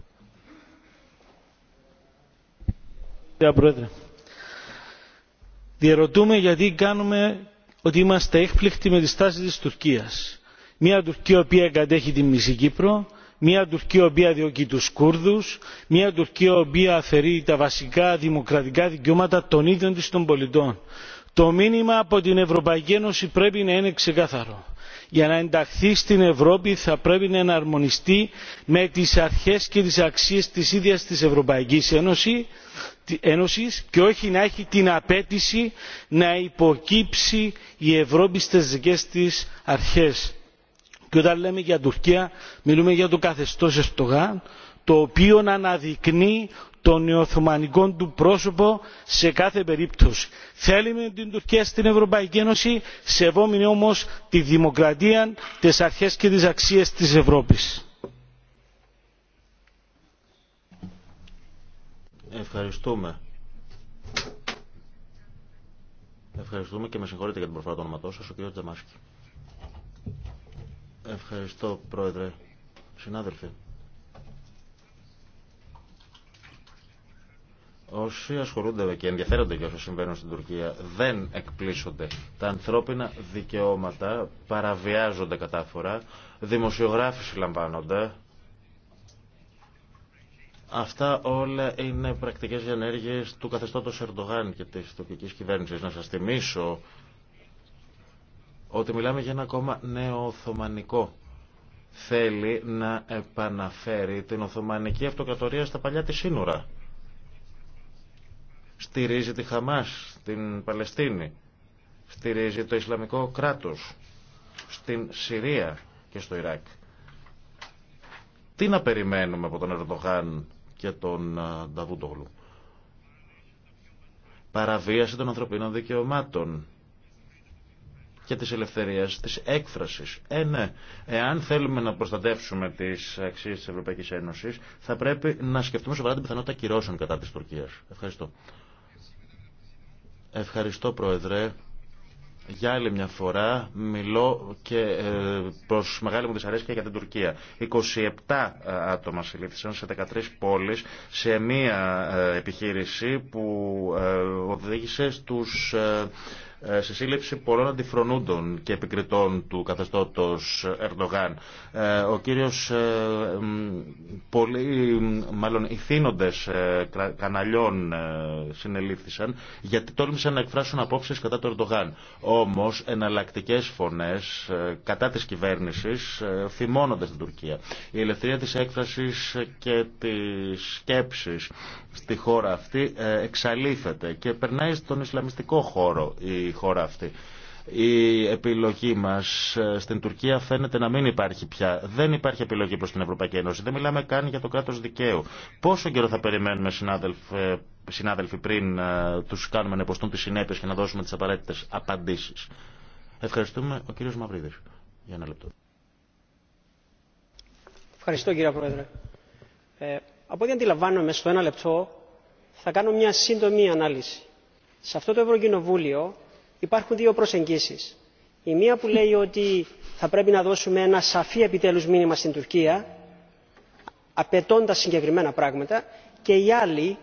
Speaker 2: Κύριε γιατί κάνουμε ότι είμαστε έκπληκτοι με τη στάση της Τουρκίας. Μια Τουρκία η οποία κατέχει τη μισή Κύπρο, μια Τουρκία η οποία διώκει τους Κούρδους, μια Τουρκία η οποία αφαιρεί τα βασικά δημοκρατικά δικαιώματα των ίδιων της των πολιτών. Το μήνυμα από την Ευρωπαϊκή Ένωση πρέπει να είναι ξεκάθαρο. Για να ενταχθεί στην Ευρώπη θα πρέπει να εναρμονιστεί με τις αρχές και τις αξίες της ίδιας της Ευρωπαϊκής Ένωσης ένωσης και όχι να έχει την απέτηση να υποκύψει η ευρώπη στις δικές της αρχές. και όταν λέμε για τουρκία μιλούμε για το καθεστώς ερντογάν το οποίο αναδεικνύει τον νεοοθωμανικό του πρόσωπο σε κάθε περίπτωση. θέλουμε την τουρκία στην ευρωπαϊκή ένωση σεβόμενοι όμως τη δημοκρατία τις αρχές και τις αξίες της ευρώπης.
Speaker 1: Ευχαριστούμε. Ευχαριστούμε και με συγχωρείτε για την προφορά του όνοματός σας, ο κ. Τζαμάσκη. Ευχαριστώ, Πρόεδρε. Συνάδελφοι. Όσοι ασχολούνται και ενδιαφέρονται για όσα συμβαίνουν στην Τουρκία δεν εκπλήσονται. Τα ανθρώπινα δικαιώματα παραβιάζονται κατάφορα, δημοσιογράφοι συλλαμβάνονται, Αυτά όλα είναι πρακτικές ενέργειες του καθεστώτος Ερντογάν και τη τουρκική κυβέρνηση. Να σα θυμίσω ότι μιλάμε για ένα ακόμα νέο Οθωμανικό θέλει να επαναφέρει την Οθωμανική Αυτοκρατορία στα παλιά τη σύνορα. Στηρίζει τη Χαμάς, την Παλαιστίνη. Στηρίζει το Ισλαμικό κράτος στην Συρία και στο Ιράκ. Τι να περιμένουμε από τον Ερντογάν και τον ε, Νταβούντογλου. Παραβίαση των ανθρωπίνων δικαιωμάτων και της ελευθερίας της έκφρασης. Ε, ναι, εάν θέλουμε να προστατεύσουμε τις αξίες της Ευρωπαϊκής Ένωσης, θα πρέπει να σκεφτούμε σοβαρά την πιθανότητα κυρώσεων κατά της Τουρκίας. Ευχαριστώ. Ευχαριστώ, Πρόεδρε. Για άλλη μια φορά μιλώ και ε, προς μεγάλη μου δυσαρέσκεια για την Τουρκία. 27 ε, άτομα συλλήφθησαν σε 13 πόλεις σε μια ε, επιχείρηση που ε, οδήγησε στους ε, σε σύλληψη πολλών αντιφρονούντων και επικριτών του καθεστώτος Ερντογάν. Ε, ο κύριος ε, πολλοί, μάλλον ηθήνοντες καναλιών συνελήφθησαν γιατί τόλμησαν να εκφράσουν απόψεις κατά του Ερντογάν. Όμως εναλλακτικέ φωνές κατά της κυβέρνησης θυμώνονται στην Τουρκία. Η ελευθερία της έκφρασης και της σκέψης στη χώρα αυτή εξαλείφεται και περνάει στον Ισλαμιστικό χώρο η Η επιλογή μα ε, στην Τουρκία φαίνεται να μην υπάρχει πια. Δεν υπάρχει επιλογή προ την Ευρωπαϊκή Ένωση. Δεν μιλάμε καν για το κράτο δικαίου. Πόσο καιρό θα περιμένουμε, συνάδελφοι, συνάδελφοι πριν ε, του κάνουμε να υποστούν τι συνέπειε και να δώσουμε τι απαραίτητε απαντήσει. Ευχαριστούμε. Ο κύριο Μαυρίδη. Για ένα λεπτό.
Speaker 8: Ευχαριστώ κύριε Πρόεδρε. Ε, από ό,τι αντιλαμβάνομαι στο ένα λεπτό θα κάνω μια σύντομη ανάλυση. Σε αυτό το Ευρωκοινοβούλιο υπάρχουν δύο προσεγγίσεις. Η μία που λέει ότι θα πρέπει να δώσουμε ένα σαφή επιτέλους μήνυμα στην Τουρκία, απαιτώντας συγκεκριμένα πράγματα, και η άλλη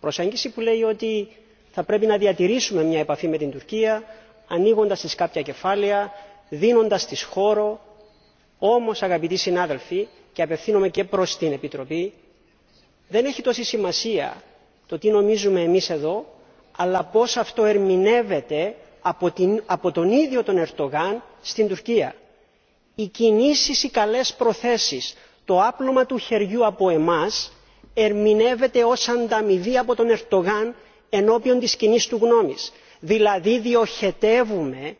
Speaker 8: προσέγγιση που λέει ότι θα πρέπει να διατηρήσουμε μια επαφή με την Τουρκία, ανοίγοντας της κάποια κεφάλαια, δίνοντας της χώρο. Όμως, αγαπητοί συνάδελφοι, και απευθύνομαι και προς την Επιτροπή, δεν έχει τόση σημασία το τι νομίζουμε εμείς εδώ, αλλά πώς αυτό ερμηνεύεται από τον ίδιο τον Ερτογάν στην τουρκία. οι κινήσεις οι καλές προθέσεις το άπλωμα του χεριού από εμάς ερμηνεύεται ως ανταμοιβή από τον Ερτογάν ενώπιον της κοινής του γνώμης. δηλαδή διοχετεύουμε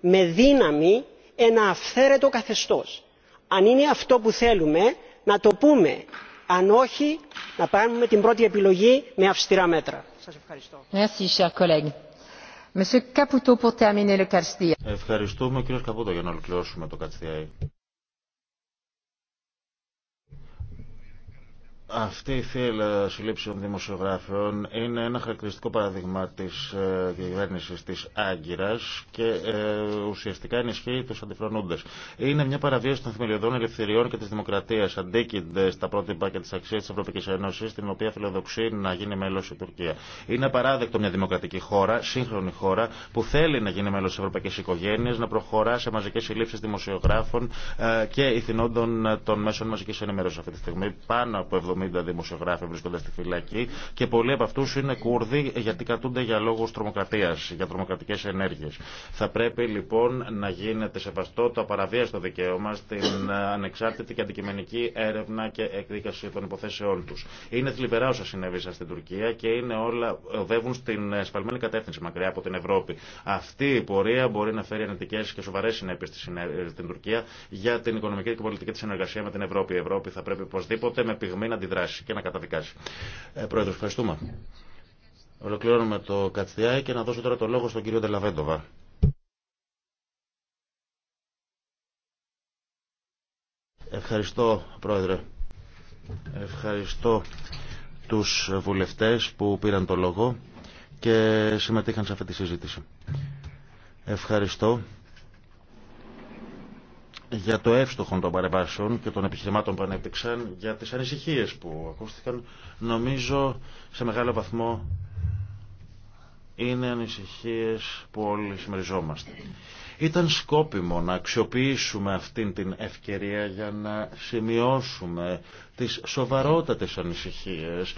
Speaker 8: με δύναμη ένα αυθαίρετο καθεστώς. αν είναι αυτό που θέλουμε να το πούμε. αν όχι να πάρουμε την πρώτη επιλογή με αυστηρά μέτρα. σας
Speaker 9: ευχαριστώ.
Speaker 1: Ευχαριστούμε κύριο Καπούτο για να ολοκληρώσουμε το ΚΑΤΣΤΙΑΗ. Αυτή η θύελα συλλήψεων δημοσιογράφων είναι ένα χαρακτηριστικό παραδείγμα της ε, κυβέρνηση τη Άγκυρας και ε, ουσιαστικά ενισχύει τους αντιφρονούντες. Είναι μια παραβίαση των θεμελιωδών ελευθεριών και της δημοκρατίας. Αντίκυνται στα πρότυπα και τις αξίες της Ευρωπαϊκή Ένωσης, την οποία φιλοδοξεί να γίνει μέλος η Τουρκία. Είναι απαράδεκτο μια δημοκρατική χώρα, σύγχρονη χώρα, που θέλει να γίνει μέλος της Ευρωπαϊκής Οικογένειας, να προχωρά σε μαζικές συλλήψεις δημοσιογράφων ε, και ηθινόντων των μέσων μαζικής ενημέρωσης αυτή τη στιγμή. Πάνω από 70 δημοσιογράφοι βρίσκονται στη φυλακή και πολλοί από αυτού είναι Κούρδοι γιατί κατούνται για λόγου τρομοκρατία, για τρομοκρατικέ ενέργειε. Θα πρέπει λοιπόν να γίνεται σεβαστό το απαραβίαστο δικαίωμα στην ανεξάρτητη και αντικειμενική έρευνα και εκδίκαση των υποθέσεών του. Είναι θλιβερά όσα συνέβησαν στην Τουρκία και είναι όλα οδεύουν στην σφαλμένη κατεύθυνση μακριά από την Ευρώπη. Αυτή η πορεία μπορεί να φέρει αρνητικέ και σοβαρέ συνέπειε στην Τουρκία για την οικονομική και πολιτική τη συνεργασία με την Ευρώπη. Η Ευρώπη θα πρέπει οπωσδήποτε με πυγμή να αντιδράσει και να καταδικάσει. Ε, Πρόεδρο, ευχαριστούμε. Ολοκληρώνουμε το Κατστιάι και να δώσω τώρα το λόγο στον κύριο Ντελαβέντοβα. Ευχαριστώ, Πρόεδρε. Ευχαριστώ τους βουλευτές που πήραν το λόγο και συμμετείχαν σε αυτή τη συζήτηση. Ευχαριστώ για το εύστοχο των παρεμβάσεων και των επιχειρημάτων που ανέπτυξαν, για τις ανησυχίες που ακούστηκαν. Νομίζω σε μεγάλο βαθμό είναι ανησυχίες που όλοι συμμεριζόμαστε. Ήταν σκόπιμο να αξιοποιήσουμε αυτήν την ευκαιρία για να σημειώσουμε τις σοβαρότατες ανησυχίες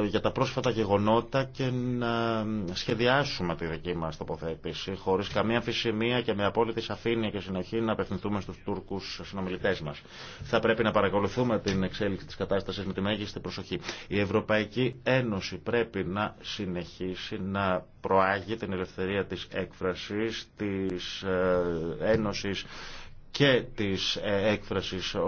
Speaker 1: ε, για τα πρόσφατα γεγονότα και να σχεδιάσουμε τη δική μας τοποθέτηση χωρίς καμία αμφισημία και με απόλυτη σαφήνεια και συνοχή να απευθυνθούμε στους Τούρκους συνομιλητές μας. Θα πρέπει να παρακολουθούμε την εξέλιξη της κατάστασης με τη μέγιστη προσοχή. Η Ευρωπαϊκή Ένωση πρέπει να συνεχίσει να προάγει την ελευθερία της έκφρασης, της ε, ένωσης και της ε, έκφρασης ε,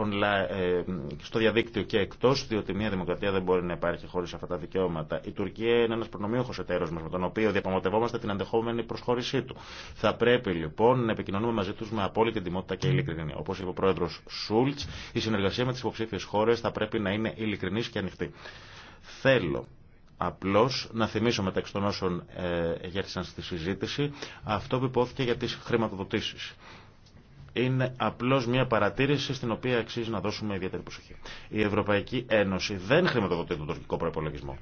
Speaker 1: στο διαδίκτυο και εκτός, διότι μια δημοκρατία δεν μπορεί να υπάρχει χωρίς αυτά τα δικαιώματα. Η Τουρκία είναι ένας προνομίωχος εταίρος μας, με τον οποίο διαπραγματευόμαστε την αντεχόμενη προσχώρησή του. Θα πρέπει λοιπόν να επικοινωνούμε μαζί τους με απόλυτη εντυμότητα και ειλικρινή. Όπως είπε ο πρόεδρος Σούλτς, η συνεργασία με τις υποψήφιες χώρες θα πρέπει να είναι ειλικρινής και ανοιχτή. Θέλω Απλώς να θυμίσω μεταξύ των όσων ε, στη συζήτηση αυτό που υπόθηκε για τις χρηματοδοτήσεις. Είναι απλώς μια παρατήρηση στην οποία αξίζει να δώσουμε ιδιαίτερη προσοχή. Η Ευρωπαϊκή Ένωση δεν χρηματοδοτεί τον τουρκικό προπολογισμό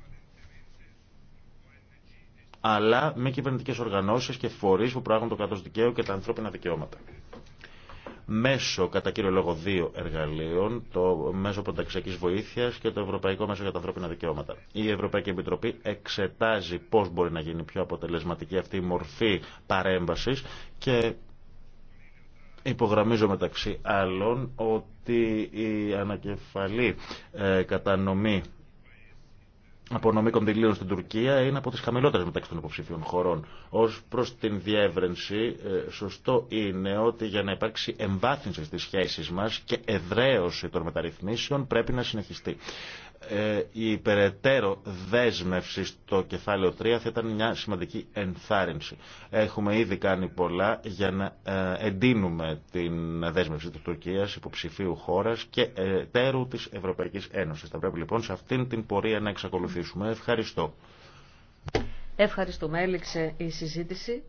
Speaker 1: αλλά με κυβερνητικέ οργανώσει και φορεί που πράγουν το κράτο δικαίου και τα ανθρώπινα δικαιώματα μέσω κατά κύριο λόγο δύο εργαλείων, το μέσο πρωταξιακή βοήθεια και το Ευρωπαϊκό Μέσο για τα Ανθρώπινα Δικαιώματα. Η Ευρωπαϊκή Επιτροπή εξετάζει πώ μπορεί να γίνει πιο αποτελεσματική αυτή η μορφή παρέμβαση και υπογραμμίζω μεταξύ άλλων ότι η ανακεφαλή ε, κατανομή απονομή κονδυλίων στην Τουρκία είναι από τις χαμηλότερες μεταξύ των υποψηφίων χωρών. Ως προς την διεύρυνση, ε, σωστό είναι ότι για να υπάρξει εμβάθυνση στις σχέσεις μας και εδραίωση των μεταρρυθμίσεων πρέπει να συνεχιστεί. Ε, η υπεραιτέρω δέσμευση στο κεφάλαιο 3 θα ήταν μια σημαντική ενθάρρυνση. Έχουμε ήδη κάνει πολλά για να ε, εντείνουμε την δέσμευση της Τουρκίας υποψηφίου χώρας και εταίρου της Ευρωπαϊκής Ένωσης. Θα πρέπει λοιπόν σε αυτήν την πορεία να
Speaker 2: εξακολουθήσουμε. Ευχαριστώ.
Speaker 4: Ευχαριστούμε. Έληξε η συζήτηση.